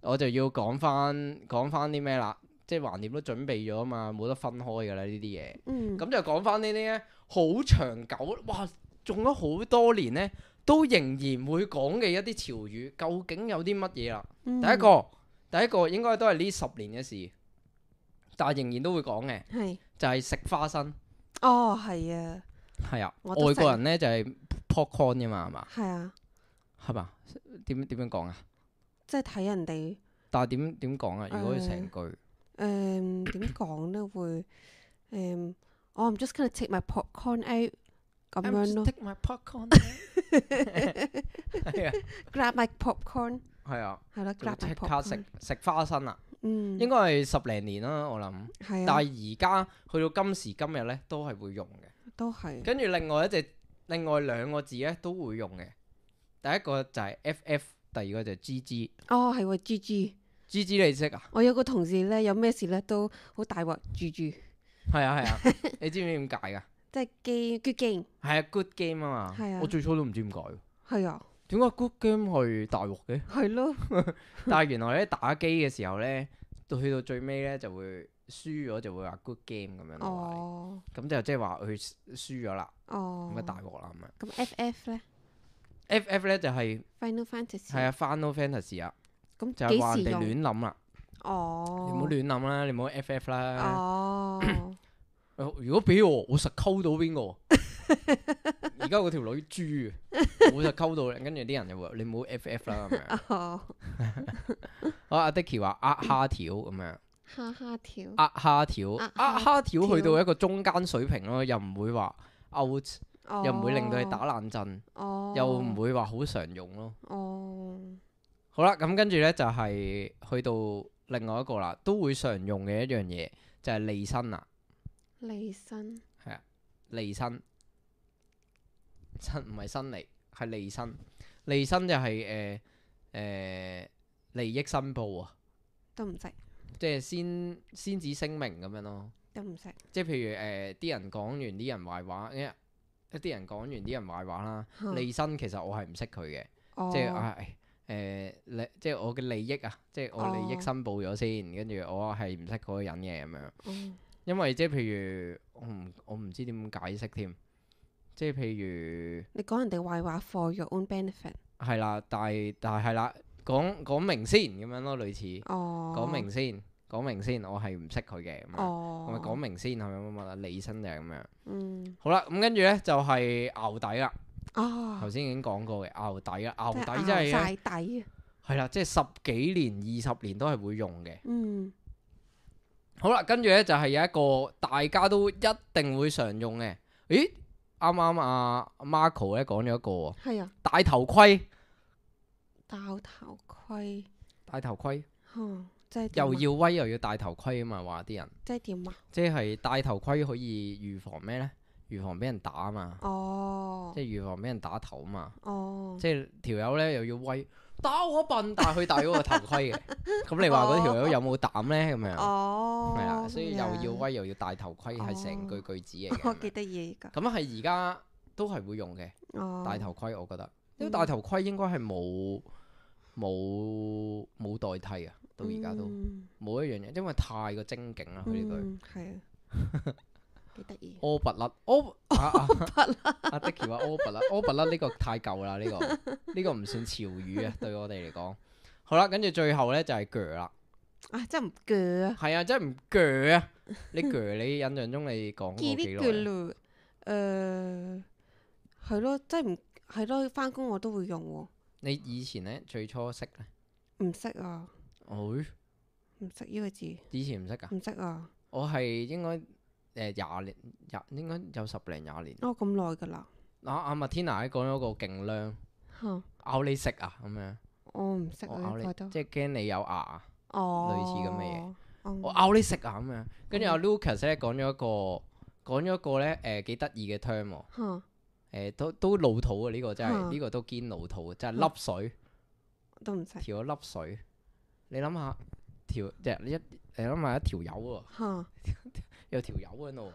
我就要講翻講翻啲咩啦，即係橫掂都準備咗啊嘛，冇得分開噶啦呢啲嘢。嗯，咁就講翻呢啲呢，好長久，哇，種咗好多年呢，都仍然會講嘅一啲潮語，究竟有啲乜嘢啦？嗯、第一個，第一個應該都係呢十年嘅事，但係仍然都會講嘅，係是就係食花生。哦，係啊，係啊，外國人呢就係、是、popcorn 噶嘛，係嘛？係啊。係嘛？點點樣講啊？即係睇人哋。但係點點講啊？如果佢成句。誒點講咧？會誒。Oh, I'm just going to take my popcorn out. I'm just going to take my popcorn. 係啊。Grab my popcorn。係啊。係咯。Grab my popcorn。食食花生啊！嗯。應該係十零年啦，我諗。係啊。但係而家去到今時今日咧，都係會用嘅。都係。跟住另外一隻，另外兩個字咧，都會用嘅。第一個就係 F F，第二個就係 G G。哦，係喎 G G。G G 你識啊？我有個同事咧，有咩事咧都好大鑊，G G。係啊係啊，你知唔知點解噶？即係 game good game。係啊，good game 啊嘛。係啊。我最初都唔知點解。係啊。點解 good game 去大鑊嘅？係咯。但係原來咧，打機嘅時候咧，到去到最尾咧就會輸咗，就會話 good game 咁樣。哦。咁就即係話佢輸咗啦。哦。咁啊大鑊啦咁樣。咁 F F 咧？FF 咧就係 Final Fantasy 係啊 Final Fantasy 啊，咁就話人哋亂諗啦。哦、oh.，你唔好亂諗啦，你唔好 FF 啦。哦， 如果俾我，我實溝到邊個？而家嗰條女豬，我 就溝到。跟住啲人就話你唔好 FF 啦咁樣。Oh. 好，阿 Dickie 話阿蝦條咁樣，蝦蝦條，阿蝦條，阿蝦條去到一個中間水平咯，又唔會話 out。哦、又唔會令到你打冷震，哦、又唔會話好常用咯。哦、好啦，咁跟住呢就係、是、去到另外一個啦，都會常用嘅一樣嘢就係、是、利申，啊，利申啊。利申，係啊，利申，唔係申利，係利申。利申就係誒誒利益申報啊，都唔識。即係先先旨聲明咁樣咯，都唔識。即係譬如誒啲、呃、人講完啲人壞話，一啲人講完啲人壞話啦，嗯、利申其實我係唔識佢嘅、哦哎呃，即係誒誒利即係我嘅利益啊，即係我利益申報咗先，跟住、哦、我係唔識嗰個人嘅咁樣，嗯、因為即係譬如我唔我唔知點解釋添，即係譬如你講人哋壞話 for your own benefit 係啦，但係但係係啦，講講明先咁樣咯，類似講、哦、明先。講明先，我係唔識佢嘅，咁咪講明先，係咪啊？問下李生定係咁樣，嗯，好啦，咁跟住咧就係牛底啦，哦，頭先已經講過嘅牛底啦，牛底真係底啊，係啦，即係十幾年、二十年都係會用嘅，嗯，好啦，跟住咧就係有一個大家都一定會常用嘅，誒，啱啱阿 Marco 咧講咗一個啊，係啊，戴頭盔，戴頭盔，戴頭盔，吓。又要威又要戴頭盔啊嘛！話啲人即係點啊？即係戴頭盔可以預防咩咧？預防俾人打啊嘛！哦，即係預防俾人打頭啊嘛！哦，即係條友咧又要威打我笨蛋，但佢戴嗰個頭盔嘅咁，你話嗰條友有冇膽咧？係咪哦，係啊，所以又要威又要戴頭盔係成句句子嚟嘅。我幾得意㗎！咁啊，係而家都係會用嘅戴頭盔。我覺得因為戴頭盔應該係冇冇冇代替啊！到而家都冇一樣嘢，因為太過精警啦！佢呢句係啊，幾得意。O 勃甩 O 啊，O 勃甩阿 Dicky 話 O 勃甩 O 勃甩呢個太舊啦，呢、呢個呢、呢個唔算潮語啊，對我哋嚟講。 好啦，跟住最後咧就係鋸啦。啊，真係唔鋸啊！係、呃呃、啊，真係唔鋸啊！你鋸你印象中你講過幾耐？誒，係咯，真係唔係咯，翻工我都會用喎。你以前咧最初識咧唔識啊？我唔識呢個字，以前唔識噶，唔識啊！我係應該誒廿年廿，應該有十零廿年。哦，咁耐噶啦！嗱，阿麥天娜咧講咗個勁靚，咬你食啊咁樣。我唔識啊，即係驚你有牙。哦，類似咁嘅嘢，我咬你食啊咁樣。跟住阿 Lucas 咧講咗一個，講咗一個咧誒幾得意嘅 term。吓，都都老土啊！呢個真係呢個都堅老土，真係粒水。都唔識。調咗粒水。你諗下，條即係你一，你諗下一條友喎，有條友喺度，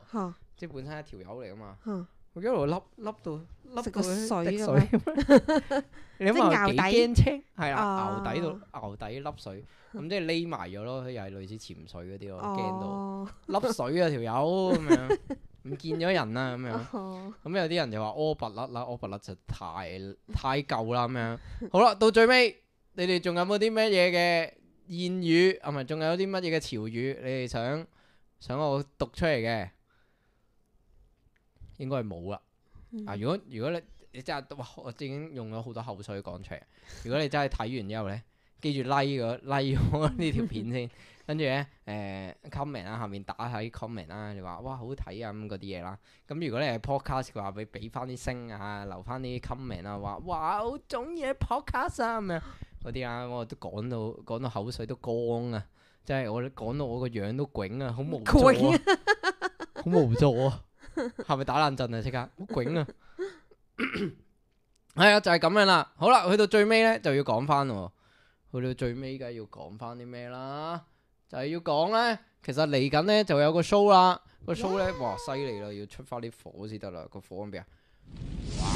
即係本身一條友嚟啊嘛，一路笠笠到，笠到水啊，你諗下幾驚青，係啦，牛底到牛底笠水，咁即係匿埋咗咯，佢又係類似潛水嗰啲咯，驚到笠水啊條友咁樣，唔見咗人啦咁樣，咁有啲人就話屙拔甩啦，屙拔甩就太太舊啦咁樣。好啦，到最尾，你哋仲有冇啲咩嘢嘅？諺語啊，係咪仲有啲乜嘢嘅潮語？你哋想想我讀出嚟嘅，應該係冇啦。嗯、啊，如果如果你你真係哇，我已經用咗好多口水講出嚟。如果你真係睇完之後咧，記住 like 嗰、那個、 like 我呢條片先，跟住咧誒 comment 啊，下面打下啲 comment、啊啊、啦，你話哇好睇啊咁嗰啲嘢啦。咁如果你係 podcast 嘅話，俾俾翻啲星啊，留翻啲 comment 啊，話哇好種嘢 podcast 啊咁樣。嗰啲啊，我都講到講到口水都乾啊，即係我講到我個樣都囧啊，好無盡好無盡啊，係咪打冷震啊？即刻好囧啊！係啊，就係咁樣啦。好啦，去到最尾咧就要講翻，去到最尾梗係要講翻啲咩啦？就係要講咧，其實嚟緊咧就有個 show 啦，個 show 咧哇犀利啦，要出翻啲火先得啦，個火喺邊啊？哇！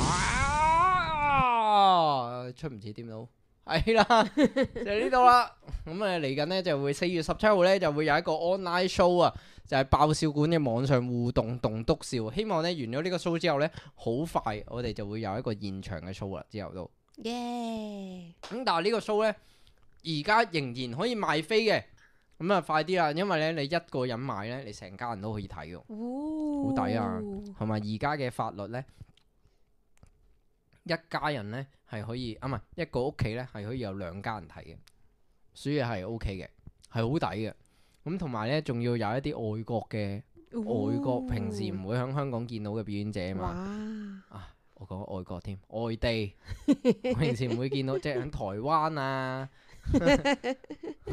出唔似點到？係啦， 就呢度啦。咁、嗯、啊，嚟緊呢，就會四月十七號呢，就會有一個 online show 啊，就係、是、爆笑館嘅網上互動棟篤笑。希望呢，完咗呢個 show 之後呢，好快我哋就會有一個現場嘅 show 啦。之後都，耶 Yeah.、嗯！咁但係呢個 show 呢，而家仍然可以賣飛嘅。咁、嗯、啊，就快啲啊，因為呢，你一個人買呢，你成家人都可以睇嘅。好抵 Ooh. 啊！同埋而家嘅法律呢？一家人呢，係可以啊，唔係一個屋企呢，係可以有兩家人睇嘅，所以係 OK 嘅，係好抵嘅。咁同埋呢，仲要有一啲外國嘅外國，平時唔會喺香港見到嘅表演者啊嘛。哇啊，我講外國添，外地 平時唔會見到，即係喺台灣啊。喺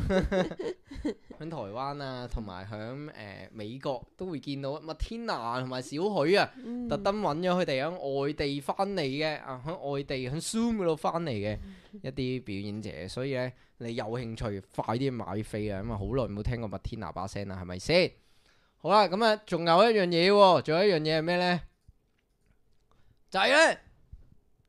台灣啊，同埋喺誒美國都會見到麥天娜同埋小許啊，特登揾咗佢哋喺外地翻嚟嘅，啊喺外地喺 Zoom 嗰度翻嚟嘅一啲表演者，所以咧你有興趣快啲買飛啊，因為好耐冇聽過麥天娜把聲啦，係咪先？好啦，咁啊，仲有一樣嘢，仲有一樣嘢係咩咧？就係咧，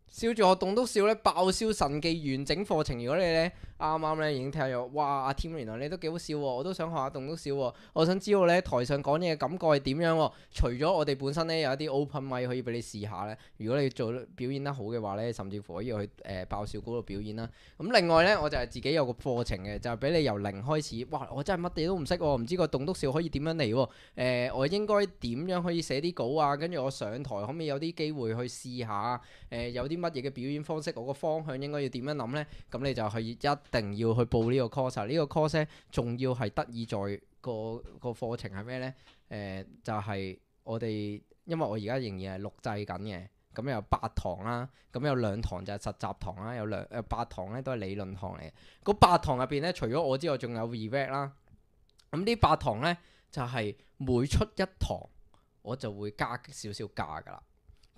笑住學，棟篤笑咧，爆笑神技完整課程，如果你咧。啱啱咧已經聽咗，哇！阿、啊、Tim 原來你都幾好笑喎，我都想學下棟篤笑喎，我想知道咧台上講嘢嘅感覺係點樣喎？除咗我哋本身咧有一啲 open mic 可以俾你試下咧，如果你做表演得好嘅話咧，甚至乎可以去誒、呃、爆笑嗰度表演啦。咁、嗯、另外咧我就係自己有個課程嘅，就係、是、俾你由零開始。哇！我真係乜嘢都唔識喎，唔知個棟篤笑可以點樣嚟喎、呃？我應該點樣可以寫啲稿啊？跟住我上台可唔可以有啲機會去試下？誒、呃，有啲乜嘢嘅表演方式？我個方向應該要點樣諗咧？咁你就去一一定要去報呢個 course，呢、這個 course 仲要係得意在個個課程係咩呢？誒、呃、就係、是、我哋，因為我而家仍然係錄製緊嘅，咁有八堂啦，咁有兩堂就係實習堂啦，有兩誒八堂咧都係理論堂嚟。個八堂入邊咧，除咗我之外，仲有 revac 啦。咁啲八堂呢，就係、是、每出一堂，我就會加少少價㗎啦。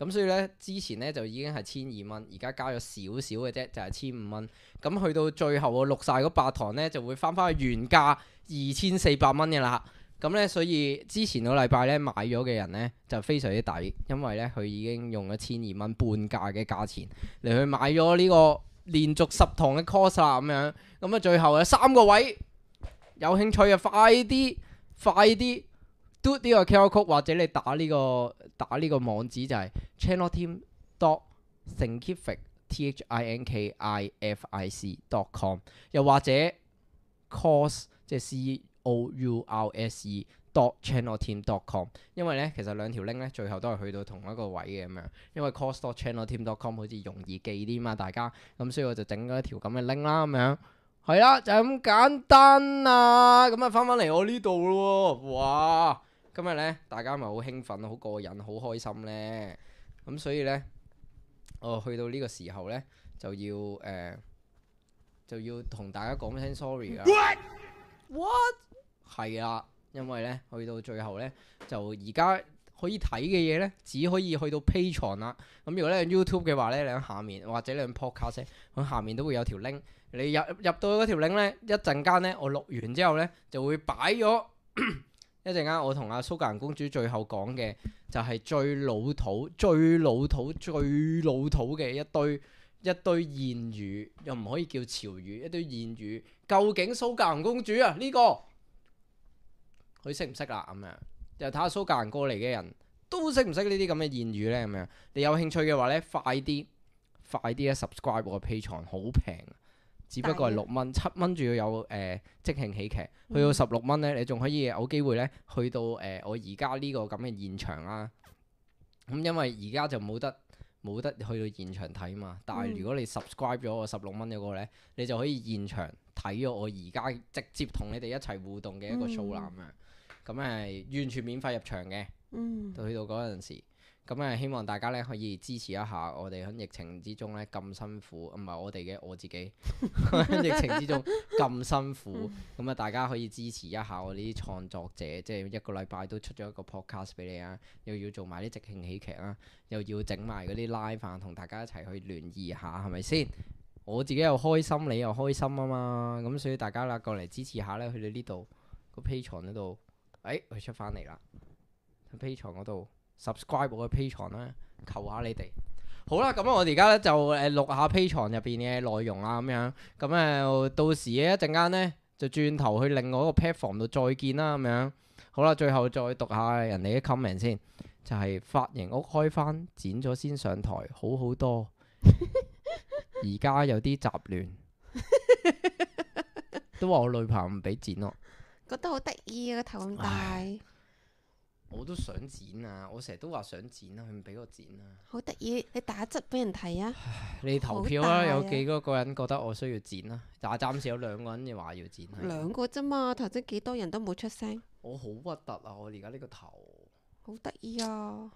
咁所以呢，之前呢，就已經係千二蚊，而家加咗少少嘅啫，就係千五蚊。咁去到最後我錄曬嗰八堂呢，就會翻翻去原價二千四百蚊嘅啦。咁呢，所以之前個禮拜呢，買咗嘅人呢，就非常之抵，因為呢，佢已經用咗千二蚊半價嘅價錢嚟去買咗呢個連續十堂嘅 course 啦。咁樣，咁啊最後有三個位，有興趣嘅快啲，快啲！快 do 呢個 QR code，或者你打呢、這個打呢個網址就係 chanloktim.thinkific.com，又或者 course 即係 course.chanloktim.com，因為呢，其實兩條 link 呢最後都係去到同一個位嘅咁樣，因為 course.chanloktim.com 好似容易記啲嘛，大家咁、嗯、所以我就整咗一條咁嘅 link 啦咁樣，係、嗯、啦、啊、就係咁簡單啊，咁啊翻返嚟我呢度咯喎，哇！今日咧，大家咪好興奮，好過癮，好開心咧。咁、嗯、所以咧，我、哦、去到呢個時候咧，就要誒、呃，就要同大家講聲 sorry 啊。What？What？係啊，因為咧，去到最後咧，就而家可以睇嘅嘢咧，只可以去到 Patreon 啦。咁、嗯、如果咧 YouTube 嘅話咧，你喺下面或者你喺 Podcast，咁下面都會有條 link。你入入到嗰條 link 咧，一陣間咧，我錄完之後咧，就會擺咗。 一陣間我同阿蘇格蘭公主最後講嘅就係最老土、最老土、最老土嘅一堆一堆言語，又唔可以叫潮語，一堆言語。究竟蘇格蘭公主啊呢、這個佢識唔識啦？咁、啊、樣又睇下蘇格蘭過嚟嘅人都識唔識呢啲咁嘅言語呢。咁樣你有興趣嘅話呢，快啲快啲咧 subscribe 我 p a t 好平。只不過係六蚊，七蚊仲要有誒、呃、即興喜劇，嗯、去到十六蚊咧，你仲可以有機會咧去到誒、呃、我而家呢個咁嘅現場啦、啊。咁、嗯、因為而家就冇得冇得去到現場睇嘛，但係如果你 subscribe 咗我十六蚊嗰個咧，你就可以現場睇咗我而家直接同你哋一齊互動嘅一個 show 啦咁係、啊嗯、完全免費入場嘅，嗯、到去到嗰陣時。咁啊、嗯，希望大家咧可以支持一下我哋喺疫情之中咧咁辛苦，唔係我哋嘅我自己喺 疫情之中咁辛苦，咁啊、嗯嗯嗯、大家可以支持一下我哋啲創作者，即係一個禮拜都出咗一個 podcast 俾你啊，又要做埋啲即興喜劇啊，又要整埋嗰啲 live 飯同大家一齊去聯誼下，係咪先？我自己又開心，你又開心啊嘛，咁、嗯、所以大家啦過嚟支持下咧，去到呢度個 Patreon 嗰度，哎，佢出翻嚟啦喺 Patreon 嗰度。subscribe 個 Patreon 啦，on, 求下你哋。好啦，咁啊，我而家咧就誒錄下 p a Patreon 入邊嘅內容啊，咁樣。咁誒到時一陣間咧就轉頭去另外一個 Patreon 房度再見啦，咁樣。好啦，最後再讀下人哋嘅 comment 先，就係、是、髮型屋開翻剪咗先上台，好好多。而家 有啲雜亂， 都話我女朋友唔俾剪咯、啊，覺得好得意啊個頭咁大。我都想剪啊！我成日都話想剪啊，佢唔俾我剪啊！好得意，你打側俾人睇啊！你投票啊，啊有幾多個人覺得我需要剪啊？但係暫時有兩個人嘅話要剪，兩個啫嘛，頭先幾多人都冇出聲。我好核突啊！我而家呢個頭，好得意啊！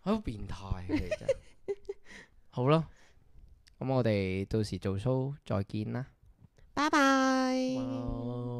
好變態嚟嘅，好啦，咁我哋到時做 show 再見啦，拜拜 bye。Wow.